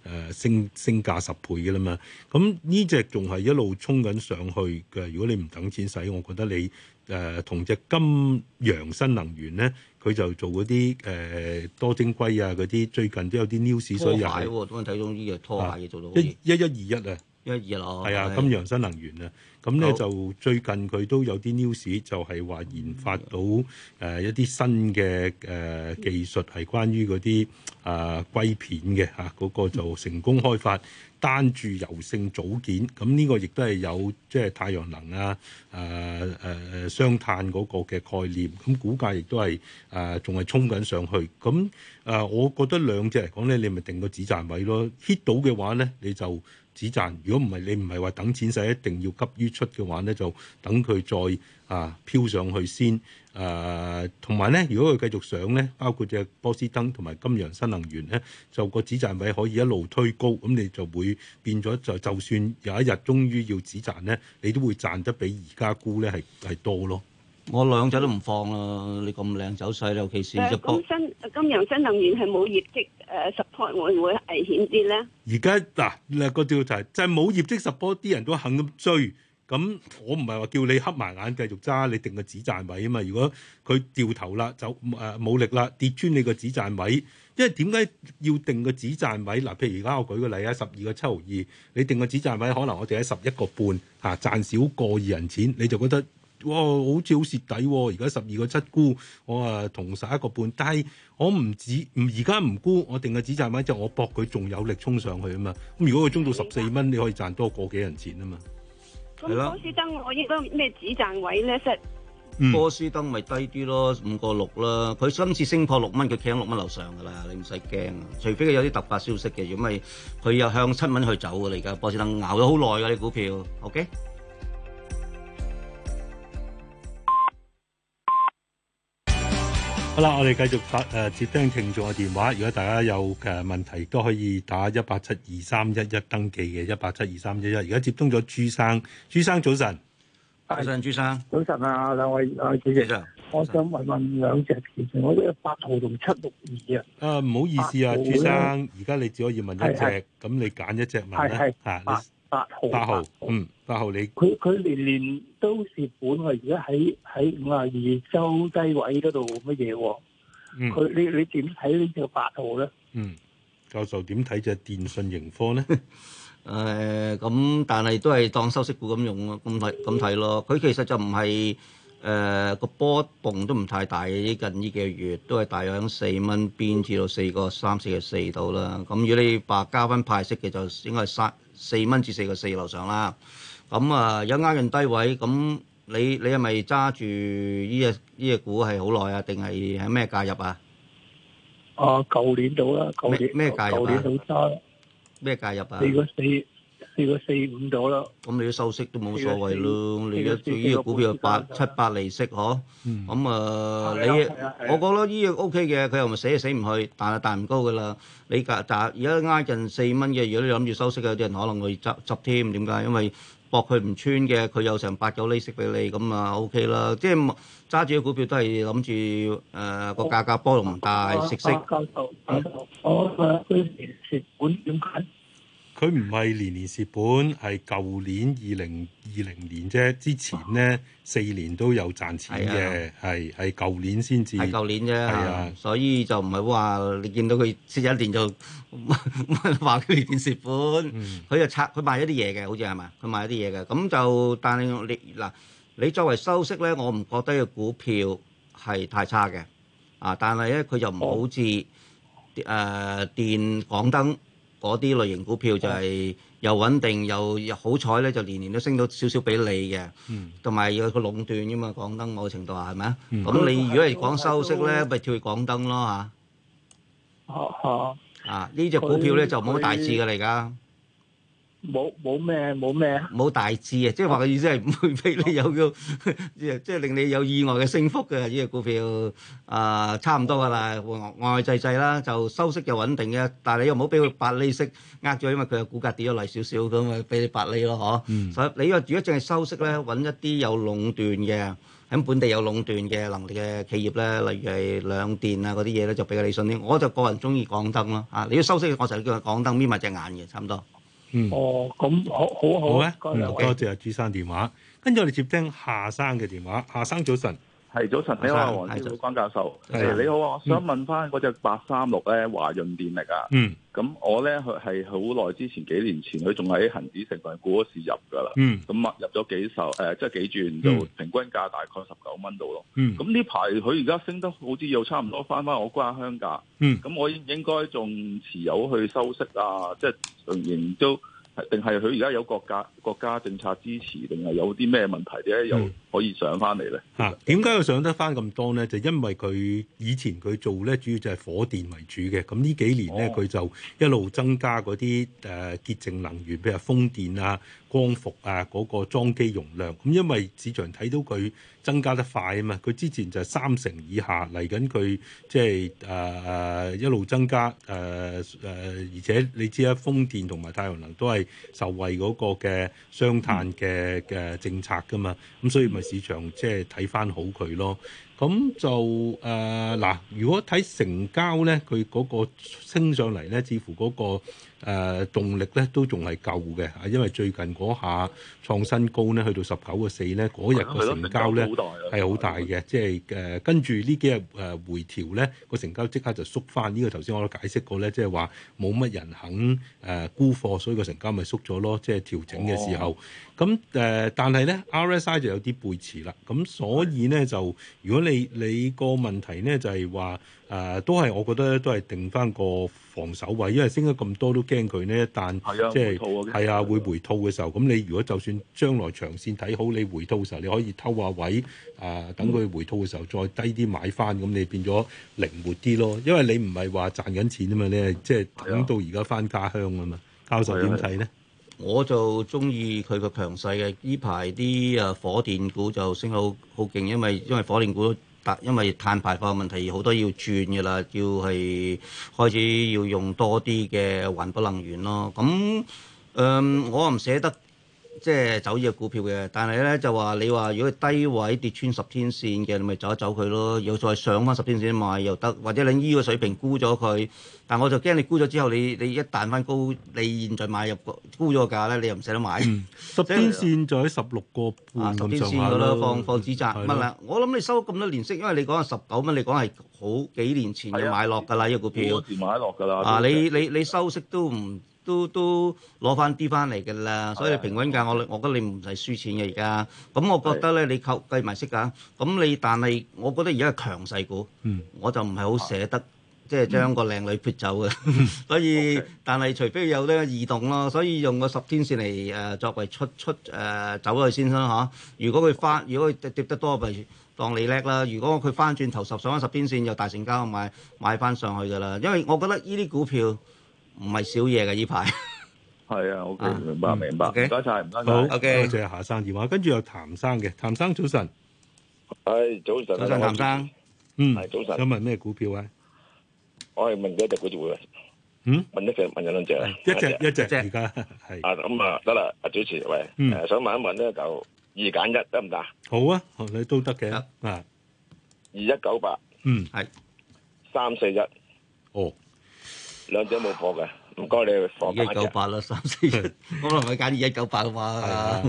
呃、升升價十倍嘅啦嘛，咁呢隻仲係一路衝緊上去嘅。如果你唔等錢使，我覺得你誒、呃、同隻金陽新能源咧，佢就做嗰啲誒多晶硅啊嗰啲，最近都有啲 news，啊、所以拖鞋睇到呢隻拖鞋做到。一一二一啊！一二六，係啊，的金陽新能源啊，咁咧好就最近佢都有啲 news 就係話研發到誒、呃、一啲新嘅誒、呃、技術係關於嗰啲啊硅片嘅嚇，嗰、那個就成功開發單柱柔性組件，咁呢個亦都係有即係、就是、太陽能啊誒誒、呃呃、雙碳嗰個嘅概念，咁股價亦都係啊仲係衝緊上去，咁啊、呃、我覺得兩隻嚟講咧，你咪定個止賺位咯，hit 到嘅話咧你就。止賺，如果唔係你唔係話等錢使一定要急於出嘅話咧，就等佢再啊飄上去先。誒、啊，同埋咧，如果佢繼續上咧，包括隻波司登同埋金陽新能源咧，就個止賺位可以一路推高，咁你就會變咗就就算有一日終於要止賺咧，你都會賺得比而家估咧係係多咯。我兩仔都唔放啦！你咁靚走勢，尤其是金新、金融新能源係冇業績誒 support 會唔會危險啲咧？而家嗱嗱個調題就係、是、冇業績 support，啲人都肯咁追。咁我唔係話叫你黑埋眼繼續揸，你定個止賺位啊嘛！如果佢掉頭啦，就誒冇、呃、力啦，跌穿你個止賺位，因為點解要定個止賺位？嗱、啊，譬如而家我舉個例啊，十二個七毫二，你定個止賺位可能我哋喺十一個半嚇，賺少過二人錢你就覺得。哇，好似好蝕底喎！而家十二個七沽，我啊同十一個半。低、但係，我唔止，唔而家唔沽，我定個止賺位就我搏佢仲有力衝上去啊嘛！咁如果佢中到十四蚊，你可以賺多個幾人錢啊嘛。咁波斯登我亦都咩止賺位咧？set 波斯登咪低啲咯，五個六啦。佢今次升破六蚊，佢企喺六蚊樓上噶啦，你唔使驚。除非佢有啲突發消息嘅，如果唔係，佢又向七蚊去走噶啦。而家波斯登熬咗好耐噶啲股票，OK。好啦，我哋繼續發誒、呃、接聽聽眾嘅電話。如果大家有誒、啊、問題，都可以打一八七二三一一登記嘅一八七二三一一。而家接通咗朱生，朱生早晨，早晨朱生早晨啊，兩位、啊、主持人，持我想問問兩隻，我呢八號同七六二啊。啊，唔好意思啊，朱生，而家你只可以問一隻，咁你揀一隻問啦，吓。八號，嗯，八號你佢佢年年都蝕本啊！而家喺喺五啊二周低位嗰度乜嘢？嗯，佢你你點睇呢條八號咧？嗯，教授點睇隻電訊盈科咧？誒，咁但係都係當收息股咁用咯，咁睇咁睇咯。佢其實就唔係誒個波動都唔太大嘅，近呢幾個月都係大約四蚊，邊至到四個三四嘅四度啦。咁如果你把加返派息嘅，就應該係三。四蚊至四個四樓上啦，咁啊有啱入低位，咁你你係咪揸住呢隻呢隻股係好耐啊？定係喺咩介入啊？啊，舊年度啦，舊年咩舊年到揸啦，咩、啊、介入啊？如果四。跌咗四五度咯，咁你都收息都冇所謂咯。你嘅依隻股票八七百利息嗬，咁啊你我覺得依隻 O K 嘅，佢又唔死又死唔去，但係彈唔高噶啦。你格打而家挨近四蚊嘅，如果諗住收息嘅，有啲人可能會執執添。點解？因為博佢唔穿嘅，佢有成八九厘息俾你，咁啊 O K 啦。即係揸住啲股票都係諗住誒個價格波動唔大，食息。教授，教授，我嘅去年蝕本點解？佢唔係年年蝕本，係舊年二零二零年啫。之前咧四年都有賺錢嘅，係係舊年先至係舊年啫。係啊，啊所以就唔係話你見到佢蝕一年就話佢 年年蝕本。佢又拆佢賣咗啲嘢嘅，好似係咪？佢賣咗啲嘢嘅咁就，但係你嗱，你作為收息咧，我唔覺得個股票係太差嘅。啊，但係咧佢就唔好似誒電廣燈。哦嗰啲類型股票就係又穩定又好彩咧，就年年都升到少少畀你嘅，同埋、嗯、有個壟斷噶嘛，港燈某程度啊，係咪啊？咁、嗯、你如果係講收息咧，咪、嗯、跳去港燈咯嚇。嚇嚇！啊，呢隻股票咧就冇乜大志嘅嚟噶。冇冇咩冇咩啊！冇大志啊！即係話嘅意思係唔會俾你有叫即係即係令你有意外嘅幸福嘅呢隻股票啊，差唔多噶啦，外外滯滯啦，就收息就穩定嘅。但係你又唔好俾佢八厘息呃咗，因為佢個股價跌咗嚟少少咁啊，咪俾你八厘咯，嗬。嗯。所以你話如果淨係收息咧，揾一啲有壟斷嘅喺本地有壟斷嘅能力嘅企業咧，例如係兩電啊嗰啲嘢咧，就比較理順啲。我就個人中意港燈咯嚇。你要收息，我就叫佢港燈眯埋隻眼嘅，差唔多。嗯，哦，咁好好好，唔該兩位，多謝阿朱生電話，跟住我哋接聽夏生嘅電話，夏生早晨。係早晨，你好啊，黃先生、關教授。誒，你好啊，我想問翻嗰隻八三六咧，華潤電力啊。嗯。咁我咧佢係好耐之前，幾年前，佢仲喺恒指成分股嗰時入噶啦。嗯。咁入咗幾手誒，即係幾轉就平均價大概十九蚊度咯。嗯。咁呢排佢而家升得好啲，又差唔多翻翻我關鄉價。嗯。咁我應唔應該仲持有去收息啊？即係仍然都，定係佢而家有國家國家政策支持，定係有啲咩問題咧？有。可以上翻嚟咧？吓點解佢上得翻咁多咧？就因為佢以前佢做咧，主要就係火電為主嘅。咁呢幾年咧，佢、哦、就一路增加嗰啲誒潔淨能源，譬如風電啊、光伏啊嗰、嗰個裝機容量。咁因為市場睇到佢增加得快啊嘛，佢之前就係三成以下嚟緊，佢即係誒誒一路增加誒誒、啊，而且你知啦，風電同埋太陽能都係受惠嗰個嘅雙碳嘅嘅、嗯、政策噶嘛，咁所以咪。市場即係睇翻好佢咯，咁就誒嗱、呃，如果睇成交咧，佢嗰個升上嚟咧，似乎嗰、嗰個。誒、呃、動力咧都仲係夠嘅，因為最近嗰下創新高咧，去到十九個四咧，嗰日個成交咧係好大嘅，即係誒跟住呢幾日誒回調咧，個成交即刻就縮翻。這個、呢個頭先我都解釋過咧，即係話冇乜人肯誒、呃、沽貨，所以個成交咪縮咗咯，即係調整嘅時候。咁誒、哦呃，但係咧 RSI 就有啲背馳啦。咁所以咧就，的如果你你個問題咧就係話。誒、啊、都係，我覺得都係定翻個防守位，因為升咗咁多都驚佢呢。一旦、啊、即係係啊會回套嘅時候，咁是的 你如果就算將來長線睇好，你回套嘅時候你可以偷下位，誒、啊、等佢回套嘅時候再低啲買翻，咁、嗯、你變咗靈活啲咯。因為你唔係話賺緊錢啊嘛，你係即係等到而家翻家鄉啊嘛。教授點睇呢？是的是的，我就中意佢個強勢嘅，呢排啲誒火電股就升好好勁，因為因為火電股，因為碳排放問題，好多要轉嘅啦，要係開始要用多啲嘅環保能源咯。咁，嗯、呃，我唔捨得。即係走呢個股票嘅，但係咧就話你話如果低位跌穿十天線嘅，你咪走一走佢咯。又再上翻十天線買又得，或者你依個水平沽咗佢。但我就驚你沽咗之後，你你一旦翻高，你現在買入沽咗個價咧，你又唔捨得買。十天線喺十六個半咁上下咯。放放止賺。我諗你收咁多年息，因為你講係十九蚊，你講係好幾年前就買落㗎啦，呢個股票。嗰時買落㗎啦。啊！你你你收息都唔～都都攞翻啲翻嚟嘅啦，嗯、所以平穩㗎。嗯、我我覺得你唔使輸錢嘅而家。咁我覺得咧，是你扣計埋息㗎。咁你但係，我覺得而家係強勢股，我就唔係好捨得，即係、嗯、將個靚女撇走嘅。嗯、 所以，okay. 但係除非有呢個異動咯，所以用個十天線嚟誒、呃、作為出出誒、呃、走咗佢先啦嚇、啊。如果佢翻，如果佢跌跌得多，咪當你叻啦。如果佢翻轉頭十上翻十天線，又大成交買買翻上去㗎啦。因為我覺得呢啲股票。唔係少嘢嘅，呢排。係啊，OK，明白明白。唔該晒，唔該晒，OK。多謝夏生電話，跟住有譚生嘅。譚生早晨，係早晨，早晨譚生，嗯，早晨。想問咩股票啊？我係問咗一隻股票嘅，嗯，問一隻，問咗兩隻啊？一隻，一隻啫，而家係啊，咁啊，得啦，阿主持，喂，嗯，想問一問咧，就二揀一得唔得？好啊，你都得嘅啊，二一九八，嗯，係三四一，哦。兩隻冇破嘅，唔該你放一九八啦，三四一，可能佢揀二一九八嘅話，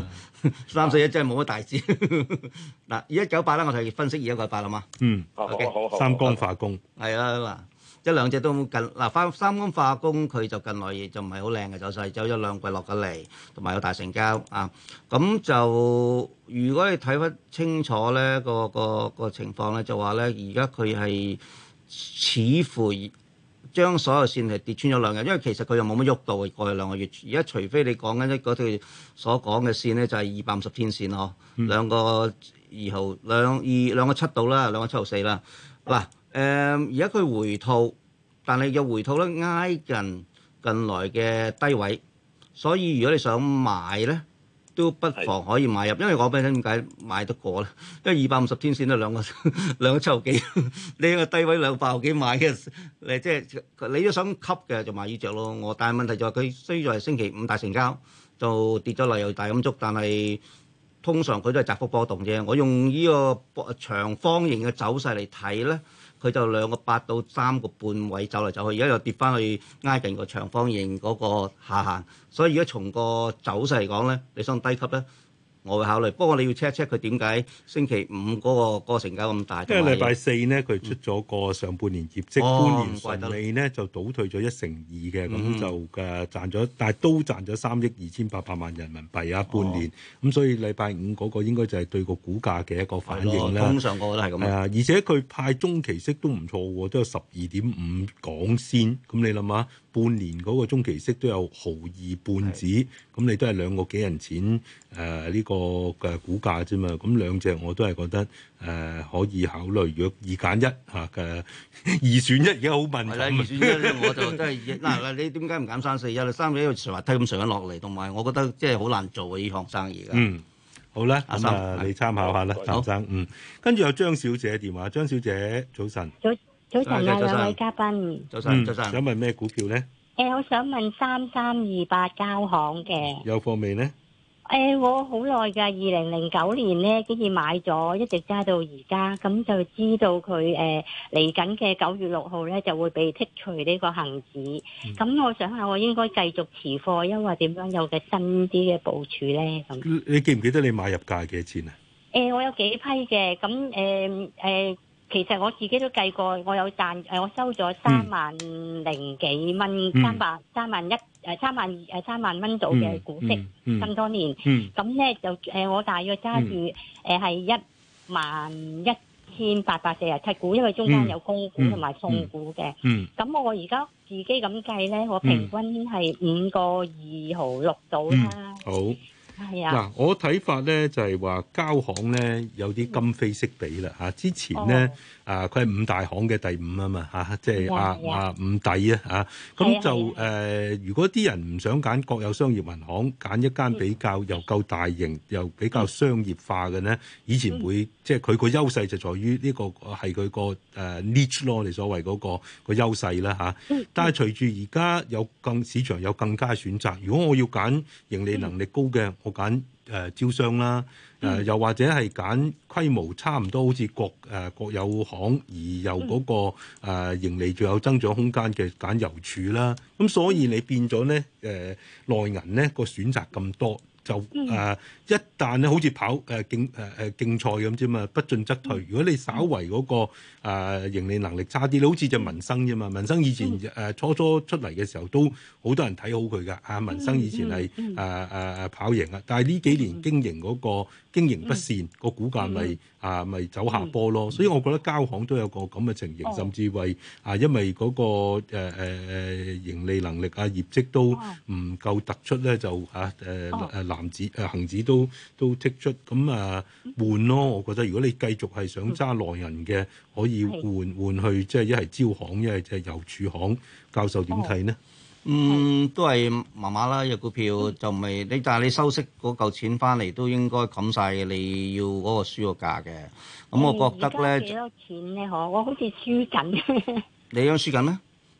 三四一真係冇乜大招。嗱，二一九八咧，我哋分析二一九八啦嘛。嗯 Okay? 好，好，好，好好好三江化工係啊嗱，一兩隻都近嗱，翻三江化工佢就近來就唔係好靚嘅走勢，走咗兩季落緊嚟，同埋有，有大成交啊。咁就如果你睇翻清楚咧，那個個、那個情況咧，就話咧而家佢係似乎。將所有線係跌穿咗兩日，因為其實佢又冇乜喐到嘅過去兩個月。而家除非你講緊一嗰條所講嘅線咧，就係二百五十天線咯，兩、嗯、個二號兩二兩個七度啦，兩個七號四啦。嗱，誒、呃，而家佢回套，但係又回套咧挨近近來嘅低位，所以如果你想買咧，都不妨可以買入，因為我本身點解買得過咧？因為二百五十天線都兩個兩個週幾，呢個，個低位兩百幾買嘅、就是，你即係你都想吸嘅就買呢隻咯。我但係問題就係、是、佢雖然係星期五大成交就跌咗嚟又大陰燭，但係通常佢都係窄幅波動啫。我用呢個長方形嘅走勢嚟睇咧。佢就兩個八到三個半位走嚟走去，而家又跌翻去挨近個長方形嗰個下限，所以如果從個走勢嚟講呢，你想低級呢。我會考慮，不過你要 check 一 check 佢點解星期五嗰、那個成交咁大？因為禮拜四呢，佢、嗯、出咗個上半年業績、哦、半年盈利呢就倒退咗一成二嘅，咁、嗯、就嘅賺咗，但係都賺咗三億二千八百萬人民幣啊！半年咁，所以禮拜五嗰個應該就係對個股價嘅一個反應啦。通常嗰個都係咁啊，而且佢派中期息都唔錯，都有十二點五港仙。咁你諗下，半年嗰個中期息都有毫二半子，咁的你都係兩個幾人錢誒呢、呃呃這個？個嘅股價啫嘛，咁兩隻我都係覺得誒可以考慮。如果二揀一吓嘅，二選一，而家好敏感。係啦，二選一我就真係嗱，你點解唔揀三四一咧？三四一又成日推咁上緊落嚟，同埋我覺得即係好難做啊！呢行生意噶。嗯，好啦，阿生你參考下啦，阿生嗯。跟住有張小姐電話，張小姐早晨，早早晨啊兩位嘉賓，早晨早晨，想問咩股票咧？誒，我想問三三二八交行嘅有貨未咧？誒、呃，我好耐噶，二零零九年呢，先至買咗，一直揸到而家，咁就知道佢誒嚟緊嘅九月六號呢，就會被剔除呢個恒指。咁、嗯、我想下，我應該繼續持貨，因為點樣有嘅新啲嘅部署呢？咁你記唔記得你買入價幾多錢啊、呃？我有幾批嘅，咁誒誒。呃呃其實我自己都計過，我有賺，誒我收咗三萬零幾蚊，三百三萬一，誒三萬二，誒三萬蚊到嘅股息咁多年。咁咧就誒我大約揸住，誒係一萬一千八百四十七股，因為中間有供股同埋送股嘅。咁我而家自己咁計咧，我平均係五個二毫六到啦。好。嗱，啊、我睇法咧就係話，交行咧有啲今非昔比啦嚇，之前咧。哦啊，佢係五大行嘅第五啊嘛，嚇，即係啊啊五弟啊，嚇、啊，咁、啊啊、就誒、啊，如果啲人唔想揀國有商業銀行，揀一間比較又夠大型又比較商業化嘅咧，以前會即係佢個優勢就在於呢個係佢個誒 niche 咯，你所謂嗰、那個個優勢啦嚇、啊。但係隨住而家有更市場有更加選擇，如果我要揀盈利能力高嘅，我揀誒、呃、招商啦。啊。誒又或者係揀規模差唔多，好似國誒國有行而又嗰、那個、啊、盈利仲有增長空間嘅揀郵儲啦。咁所以你變咗咧誒內銀咧個選擇咁多，就誒、啊、一旦咧好似跑誒、啊、競誒誒、啊、競賽咁啫嘛，不進則退。如果你稍為嗰、那個、啊、盈利能力差啲，你好似隻民生啫嘛。民生以前誒、啊、初初出嚟嘅時候都好多人睇好佢㗎。啊民生以前係誒誒誒跑贏啊，但係呢幾年經營嗰、那個。經營不善，個股價咪、嗯、啊咪走下坡咯，所以我覺得交行都有個咁嘅情形，甚至為啊，因為嗰、嗰個誒誒、呃、盈利能力啊業績都唔夠突出咧，就啊誒誒藍指誒恆指都都剔出，咁啊換咯，我覺得如果你繼續係想揸內人嘅，可以換換去即係一係招行，一係即係郵儲行，教授點睇呢？哦嗯，是都係麻麻啦，入股票就唔係你，但係你收息嗰嚿錢翻嚟都應該冚晒。你要嗰個輸個價嘅。咁我覺得咧，而家幾多錢咧？嗬就，我好似輸緊。 你有輸緊咩？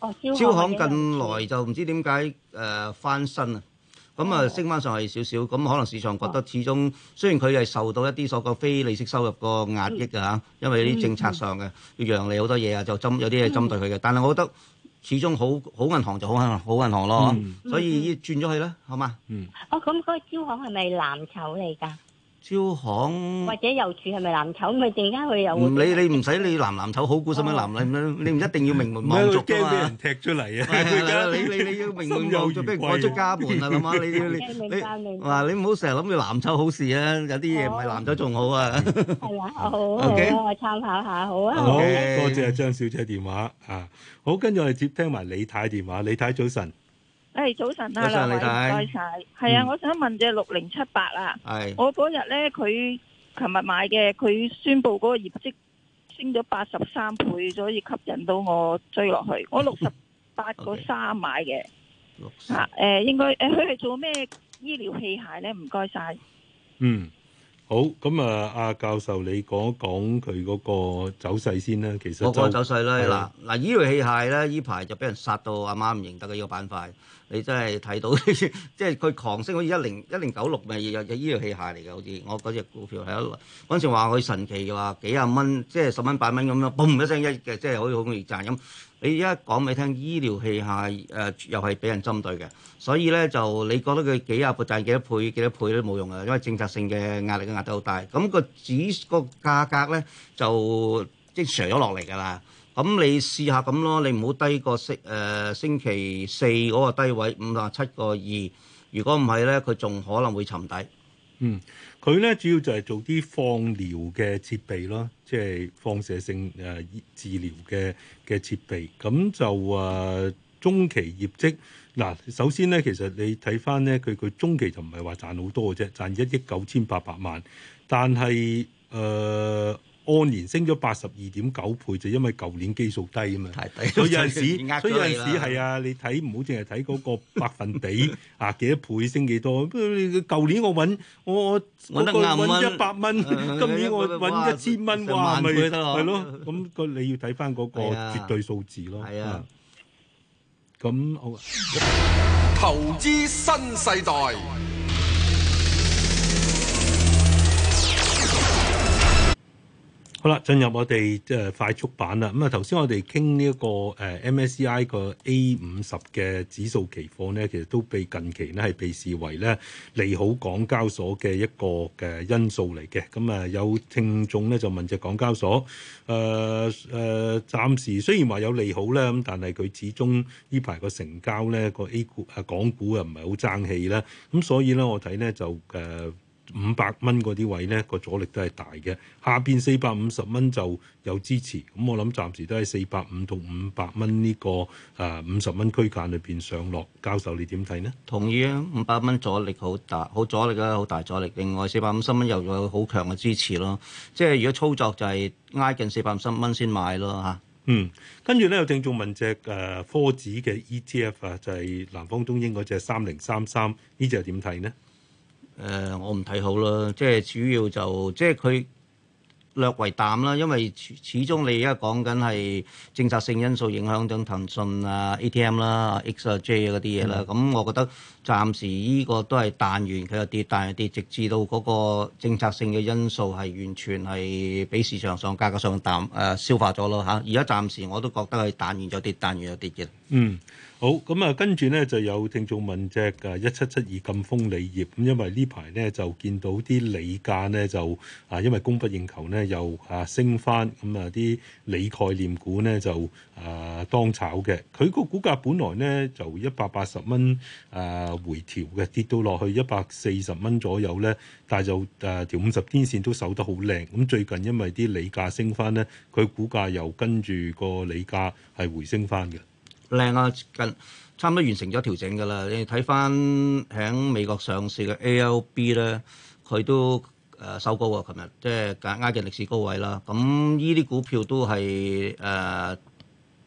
招行、哦、招行近來就唔知點解誒翻身啊，咁啊升翻上去少少，咁、哦、可能市場覺得始終雖然佢係受到一啲所謂非利息收入個壓抑啊，嗯、因為啲政策上嘅、嗯嗯、要讓利好多嘢啊，就針有啲嘢針對佢嘅，嗯、但係我覺得始終好好銀行就好銀行好銀行咯，嗯、所以轉咗佢啦，好嘛？嗯、哦，咁嗰個招行係咪藍籌嚟㗎？哦嗯招行或者郵儲係咪藍籌？咪陣間佢又唔理你，唔使你藍，藍籌好固守咩？藍，你你唔一定要名門望族㗎嘛？驚人踢出嚟啊！ 你你你要名門望族俾人過足家門啊嘛！ 你你你話你唔好成日諗住藍籌好事啊！有啲嘢唔係藍籌仲好啊！係啊、哦 好，我參考下，好啊。好，好，Okay 好，多謝、啊、張小姐電話啊！好，跟住我哋接聽埋李太電話。李太早晨。係、hey, 早晨啊，梁文上，唔該晒。係看啊，我想問隻六零七八啦。係是我嗰日咧，佢琴日買嘅，佢宣布嗰個業績升咗八十三倍，所以吸引到我追落去。我六十八個三買嘅吓，誒、啊，應該誒，佢、呃、係做咩醫療器械咧？唔該晒。嗯，好。咁啊，阿教授，你講一講佢嗰個走勢先啦。其實個走勢啦。嗱嗱、啊啊，醫療器械咧，呢排就俾人殺到阿媽唔認得嘅呢個板塊。你真係睇到， 即係佢狂升好似一零一零九六咪有又醫療器械嚟嘅，好似我嗰隻股票喺一，嗰陣話佢神奇嘅話幾廿蚊，即係十蚊八蚊咁樣，嘣一聲一嘅，即係好似好容易賺咁。你而家講俾你聽醫療器械誒、呃，又係俾人針對嘅，所以咧就你覺得佢幾廿倍賺幾多倍幾多倍都冇用啊，因為政策性嘅壓力嘅壓力好大。咁、那個指個價格咧就即係上咗落嚟㗎啦。咁你試下咁咯，你唔好低過星誒星期四嗰個低位五啊七個二，如果唔係咧，佢仲可能會沉底。嗯，佢咧主要就係做啲放療嘅設備咯，即係放射性誒、呃、治療嘅嘅設備。咁就誒、呃、中期業績嗱，首先咧其實你睇返咧，佢佢中期就唔係話賺好多嘅啫，賺一億九千八百萬，但係誒。呃按年升咗八十二點九倍，就因為舊年基數低啊嘛，所以有陣時，所以有陣時係啊，你睇唔好淨係睇嗰個百分比啊，幾多倍升幾多。不過舊年我搵我我得一百蚊，今年我搵一千蚊，哇咪係咯，咁個你要睇翻嗰個絕對數字咯。係啊，咁好，投資新世代。好啦，進入我哋即係快速版啦。咁啊，頭先我哋傾呢一個誒 MSCI 個 A 五十嘅指數期貨咧，其實都被近期咧係被視為咧利好港交所嘅一個嘅因素嚟嘅。咁、嗯、啊，有聽眾咧就問隻港交所，誒、呃、誒、呃，暫時雖然話有利好咧，咁但係佢始終呢排個成交咧、個 A 股啊港股又唔係好爭氣啦。咁、嗯、所以咧，我睇咧就誒。五百蚊嗰啲位咧，個阻力都係大嘅。下邊四百五十蚊就有支持，咁我諗暫時都係四百五到五百蚊呢個啊五十蚊區間裏邊上落。教授你點睇呢？同意啊！五百蚊阻力好大，好阻力啦，好大阻力。另外四百五十蚊又有好強嘅支持咯。即係如果操作就係挨近四百五十蚊先買咯嚇。嗯，跟住咧有聽眾問隻誒、呃、科指嘅 ETF 啊，就係南方東英嗰隻三零三三呢隻係點睇呢？誒、呃，我唔睇好啦，即係主要就即係佢略為淡啦，因為始始終你而家講緊係政策性因素影響緊騰訊啊、ATM X 啦、XJ 啊嗰啲嘢啦，咁我覺得暫時依個都係彈完佢又跌，彈完跌，直至到嗰個政策性嘅因素係完全係比市場上價格上淡誒、呃、消化咗咯嚇，而家暫時我都覺得係彈完就跌，彈完又跌嘅。嗯。好咁啊、嗯，跟住咧就有聽眾問隻啊一七七二贛鋒鋰業咁、嗯，因為呢排咧就見到啲鋰價咧就啊因為供不應求咧又啊升翻咁啊啲鋰概念股咧就啊當炒嘅。佢個股價本來咧就一百八十蚊啊回調嘅，跌到落去一百四十蚊左右咧，但係就啊條五十天線都守得好靚。咁、嗯、最近因為啲鋰價升翻咧，佢股價又跟住個鋰價係回升翻嘅。靚啊，近差唔多完成咗調整噶啦。你睇翻喺美國上市嘅 ALB 咧，佢都誒、呃、收高啊，琴日即係壓近歷史高位啦。咁依啲股票都係誒、呃、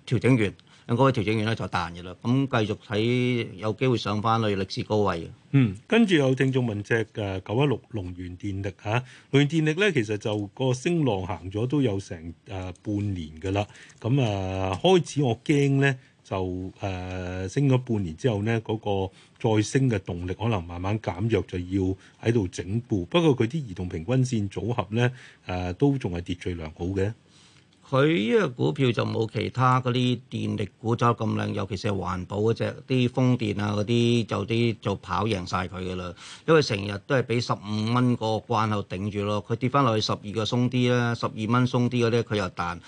調整完，應、那、位、個、調整完咧就彈嘅啦。咁繼續睇有機會上翻去歷史高位嘅。嗯，跟住有聽眾問隻嘅九一六龍源電力嚇、啊，龍源電力咧其實就個升浪行咗都有成誒、啊、半年嘅啦。咁啊開始我驚咧。就誒、呃、升咗半年之後咧，嗰、那個再升嘅動力可能慢慢減弱，就要喺度整固。不過佢啲移動平均線組合咧、誒、呃、都仲係秩序良好嘅。佢呢個股票就冇其他嗰啲電力股走咁靚，尤其是環保嗰隻啲風電啊嗰啲，就啲就跑贏晒佢噶啦。因為成日都係俾十五蚊個關口頂住咯，佢跌翻落去十二個鬆啲啦，十二蚊鬆啲嗰啲佢又彈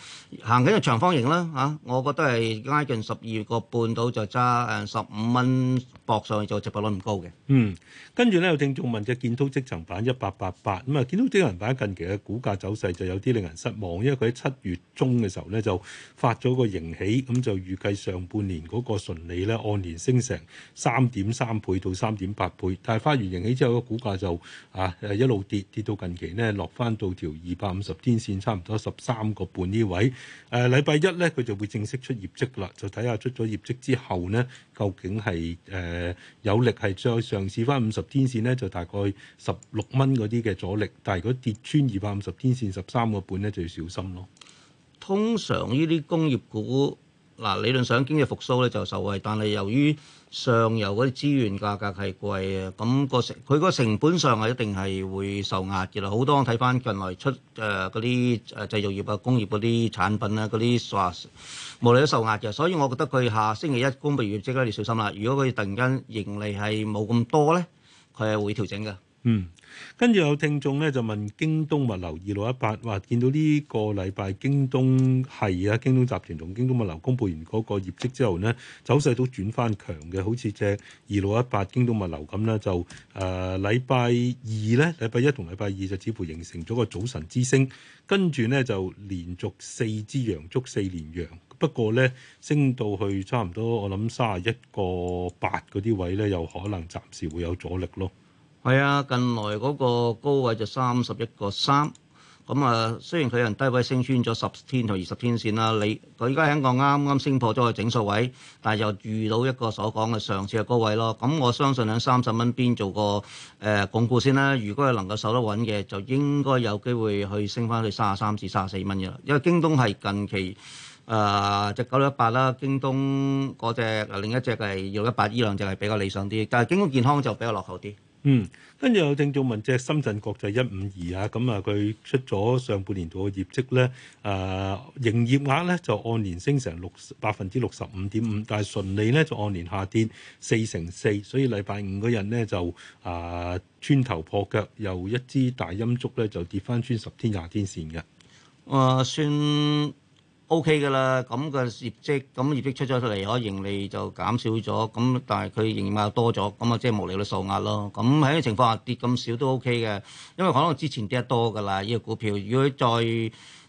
行緊個長方形啦嚇，我覺得係挨近十二個半到就揸誒十五蚊。搏上去做，值博率唔高嘅。嗯，跟住咧有聽眾問就建滔積層板一八八八，咁啊建滔積層板近期嘅股價走勢就有啲令人失望，因為佢喺七月中嘅時候咧就發咗個盈喜，咁、嗯、就預計上半年嗰個純利咧按年升成三點三倍到三點八倍。但係發完盈喜之後個股價就啊誒一路跌，跌到近期呢，落翻到條二百五十天線，差唔多十三個半呢位。誒、呃、禮拜一咧佢就會正式出業績啦，就睇下出咗業績之後呢，究竟係誒。呃誒、呃、有力係再嘗試翻五十天線咧，就大概十六蚊嗰啲嘅阻力。但係如果跌穿二百五十天線十三個半咧，就要小心咯。通常呢啲工業股。嗱，理論上經濟復甦咧就受惠，但係由於上游嗰啲資源價格係貴啊，咁個成佢個成本上係一定係會受壓嘅啦。好多睇翻近來出誒嗰啲誒製造業啊、工業嗰啲產品咧，嗰啲話冇理都受壓嘅，所以我覺得佢下星期一公布業績咧，你小心啦。如果佢突然間盈利係冇咁多咧，佢係會調整嘅。嗯。跟住有聽眾咧就問京東物流二六一八，話見到呢個禮拜京東係啊，京東集團同京東物流公布完嗰個業績之後呢，走勢都轉翻強嘅，好似隻二六一八京東物流咁啦，就誒禮拜二呢，禮拜一同禮拜二就似乎形成咗個早晨之星，跟住呢，就連續四支陽，足四連陽。不過呢，升到去差唔多我諗三十一個八嗰啲位呢，又可能暫時會有阻力咯。係啊，近來嗰個高位就三十一個三咁啊。雖然佢由低位升穿咗十天同二十天線啦，你佢而家喺香港啱啱升破咗個整數位，但係又遇到一個所講嘅上次嘅高位咯。咁我相信喺三十蚊邊做個誒鞏固先啦。如果係能夠守得穩嘅，就應該有機會去升翻去三啊三至三啊四蚊嘅啦。因為京東係近期誒隻九六一八啦，呃、18, 京東嗰隻另一隻係二六一八，呢兩隻係比較理想啲，但係京東健康就比較落後啲。嗯，跟住有正造文隻深圳國際一五二啊，咁啊佢出咗上半年度嘅業績咧，誒、啊、營業額咧就按年升成六百分之六十五點五，但係純利咧就按年下跌四成四，所以禮拜五嗰日咧就誒穿、啊、頭破腳，由一支大陰燭咧就跌翻穿十天廿天線嘅，誒、啊、算。O K 噶啦，咁嘅、okay、業績，咁業績出咗出嚟，可盈利就減少咗。咁但係佢盈利多咗，咁啊即係無利嘅數額咯。咁喺個情況下跌咁少都 O K 嘅，因為可能之前跌得多噶啦呢個股票。如果再，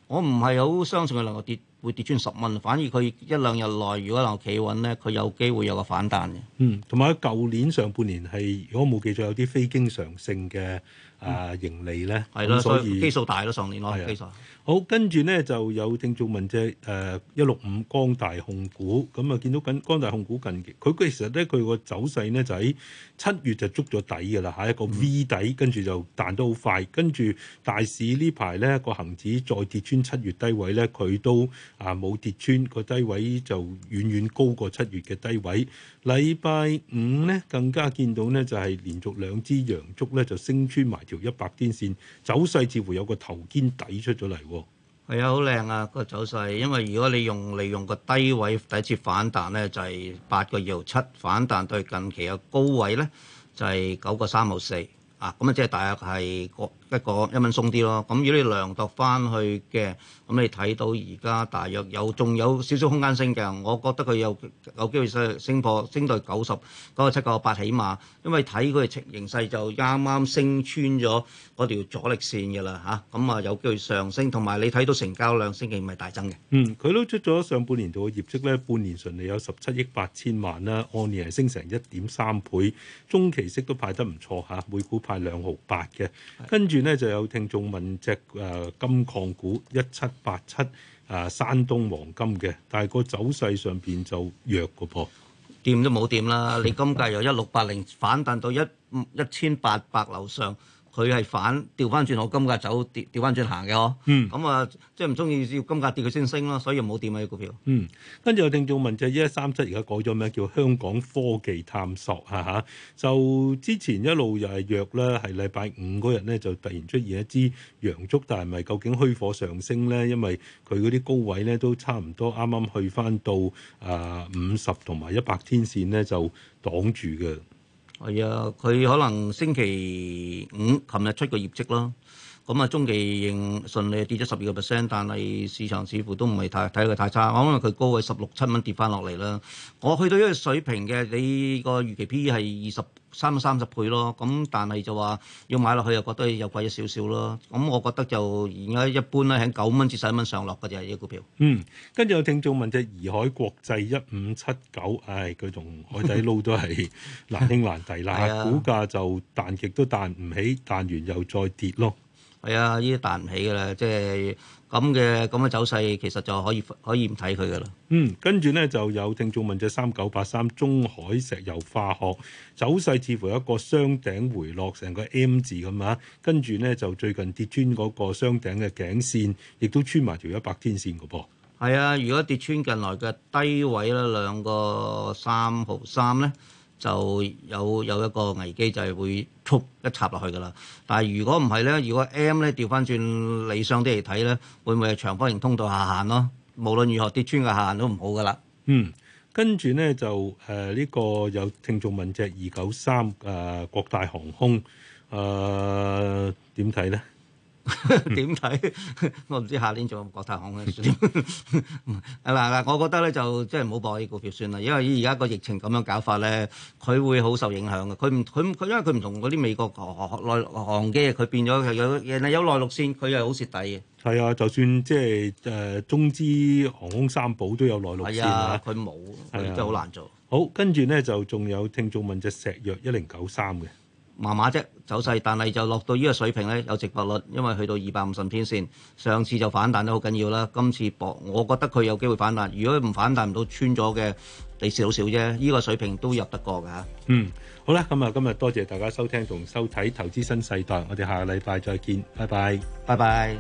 我唔係好相信佢能夠跌，會跌穿十蚊。反而佢一兩日內如果能夠企穩咧，佢有機會有個反彈嘅。嗯，同埋喺舊年上半年係如果冇記錯有啲非經常性嘅啊盈利咧，係咯，所以基數大咯，上年咯基數。的的好，跟住咧就有聽眾問隻誒一六五光大控股，咁啊見到緊光大控股近期，佢其實咧佢個走勢咧就喺七月就捉咗底㗎喇，下一個 V 底，跟住就彈得好快，跟住大市呢排咧個恆指再跌穿七月低位咧，佢都啊冇跌穿個低位，就遠遠高過七月嘅低位。禮拜五咧更加見到咧就係、是、連續兩支陽燭咧就升穿埋條一百天線，走勢似乎有個頭肩底出咗嚟喎。係啊，好靚啊個走勢，因為如果你用利用個低位第一次反彈咧，就係八個二毫七反彈對近期嘅高位咧，就係九個三毫四啊。咁、嗯、啊，即係大約係個。一個一蚊鬆啲咯，咁、嗯、如果你量度翻去嘅，咁、嗯、你睇到而家大約有仲有少少空間升嘅，我覺得佢有有機會升升破升到九十，嗰個七個八起碼，因為睇佢嘅情形勢就啱啱升穿咗嗰條阻力線嘅啦嚇，咁啊、嗯、有機會上升，同埋你睇到成交量星期五係大增嘅。嗯，佢都出咗上半年度嘅業績咧，半年純利有十七億八千萬啦，按年係升成一點三倍，中期息都派得唔錯嚇，每股派兩毫八嘅，跟住。咧就有聽眾問隻誒金礦股，一七八七，誒山東黃金嘅，但係個走勢上面就弱個噃，掂都冇掂啦。 你今屆由一六八零反彈到一一千八百樓上。佢係反調翻轉，我金價走跌，調翻轉行嘅呵。嗯。咁啊，即係唔中意要金價跌佢先升咯，所以冇掂啊啲股票。嗯。跟住又定做問啫，一一三七而家改咗咩？叫香港科技探索嚇嚇、啊。就之前一路又係弱咧，係禮拜五嗰日咧就突然出現一支陽燭，但係咪究竟虛火上升咧？因為佢嗰啲高位咧都差唔多啱啱去翻到啊五十同埋一百天線咧就擋住嘅。係啊，佢、哎、可能星期五琴日出個業績咯。咁啊，中期仍順利跌咗十二個 percent，但係市場似乎都唔係太睇佢太差。可能佢高位十六七蚊跌翻落嚟啦。我去到一個水平嘅，你個預期 P E 係二十三三十倍咯。咁但係就話要買落去又覺得又貴咗少少咯。咁、嗯、我覺得就而家一般咧，喺九蚊至十一蚊上落嘅啫，呢、呢個股票。嗯，跟住有聽眾問啫，怡海國際一五七九，唉，佢同海底撈都係難兄難弟啦。 啊、股價就彈極都彈唔起，彈完又再跌咯。係啊，呢啲彈唔起噶啦，即係咁嘅咁嘅走勢，其實就可以可以唔睇佢噶啦。嗯，跟住咧就有聽眾問咗三九八三中海石油化學走勢，似乎有一個雙頂回落成個 M 字咁啊，跟住咧就最近跌穿嗰個雙頂嘅頸線，亦都穿埋條一百天線個噃。係啊、嗯，如果跌穿近來嘅低位咧，兩個三毫三咧。就有有一個危機就係會速一插落去噶啦，但係如果唔係咧，如果 M 咧調翻轉理想啲嚟睇咧，會唔會係長方形通道下限咯？無論如何跌穿個下限都唔好噶啦。嗯，跟住咧就誒呢、呃呢個有聽眾問隻二九三誒國泰航空誒點睇咧？呃點睇？ 麼看 我唔知下年仲有冇國泰航空咧。嗱嗱， 我覺得咧就即係唔好博呢啲股票算啦。因為而家個疫情咁樣搞法咧，佢會好受影響嘅。佢唔佢佢，因為佢唔同嗰啲美國內陸航機，佢變咗有有有有內陸線，佢又好蝕底嘅。係啊，就算即係誒中資航空三寶都有內陸線啊。佢冇、哎，真係好難做。啊、好，跟住咧就仲有聽眾問隻石藥一零九三嘅。麻麻啫走勢，但係就落到呢個水平咧有值博率，因為去到二百五十天線，上次就反彈得好緊要啦。今次博，我覺得佢有機會反彈。如果唔反彈唔到穿咗嘅，你少少啫。呢、這個水平都入得過㗎。嗯，好啦，咁啊，今日多謝大家收聽同收睇《投資新世代》，我哋下個禮拜再見，拜拜，拜拜。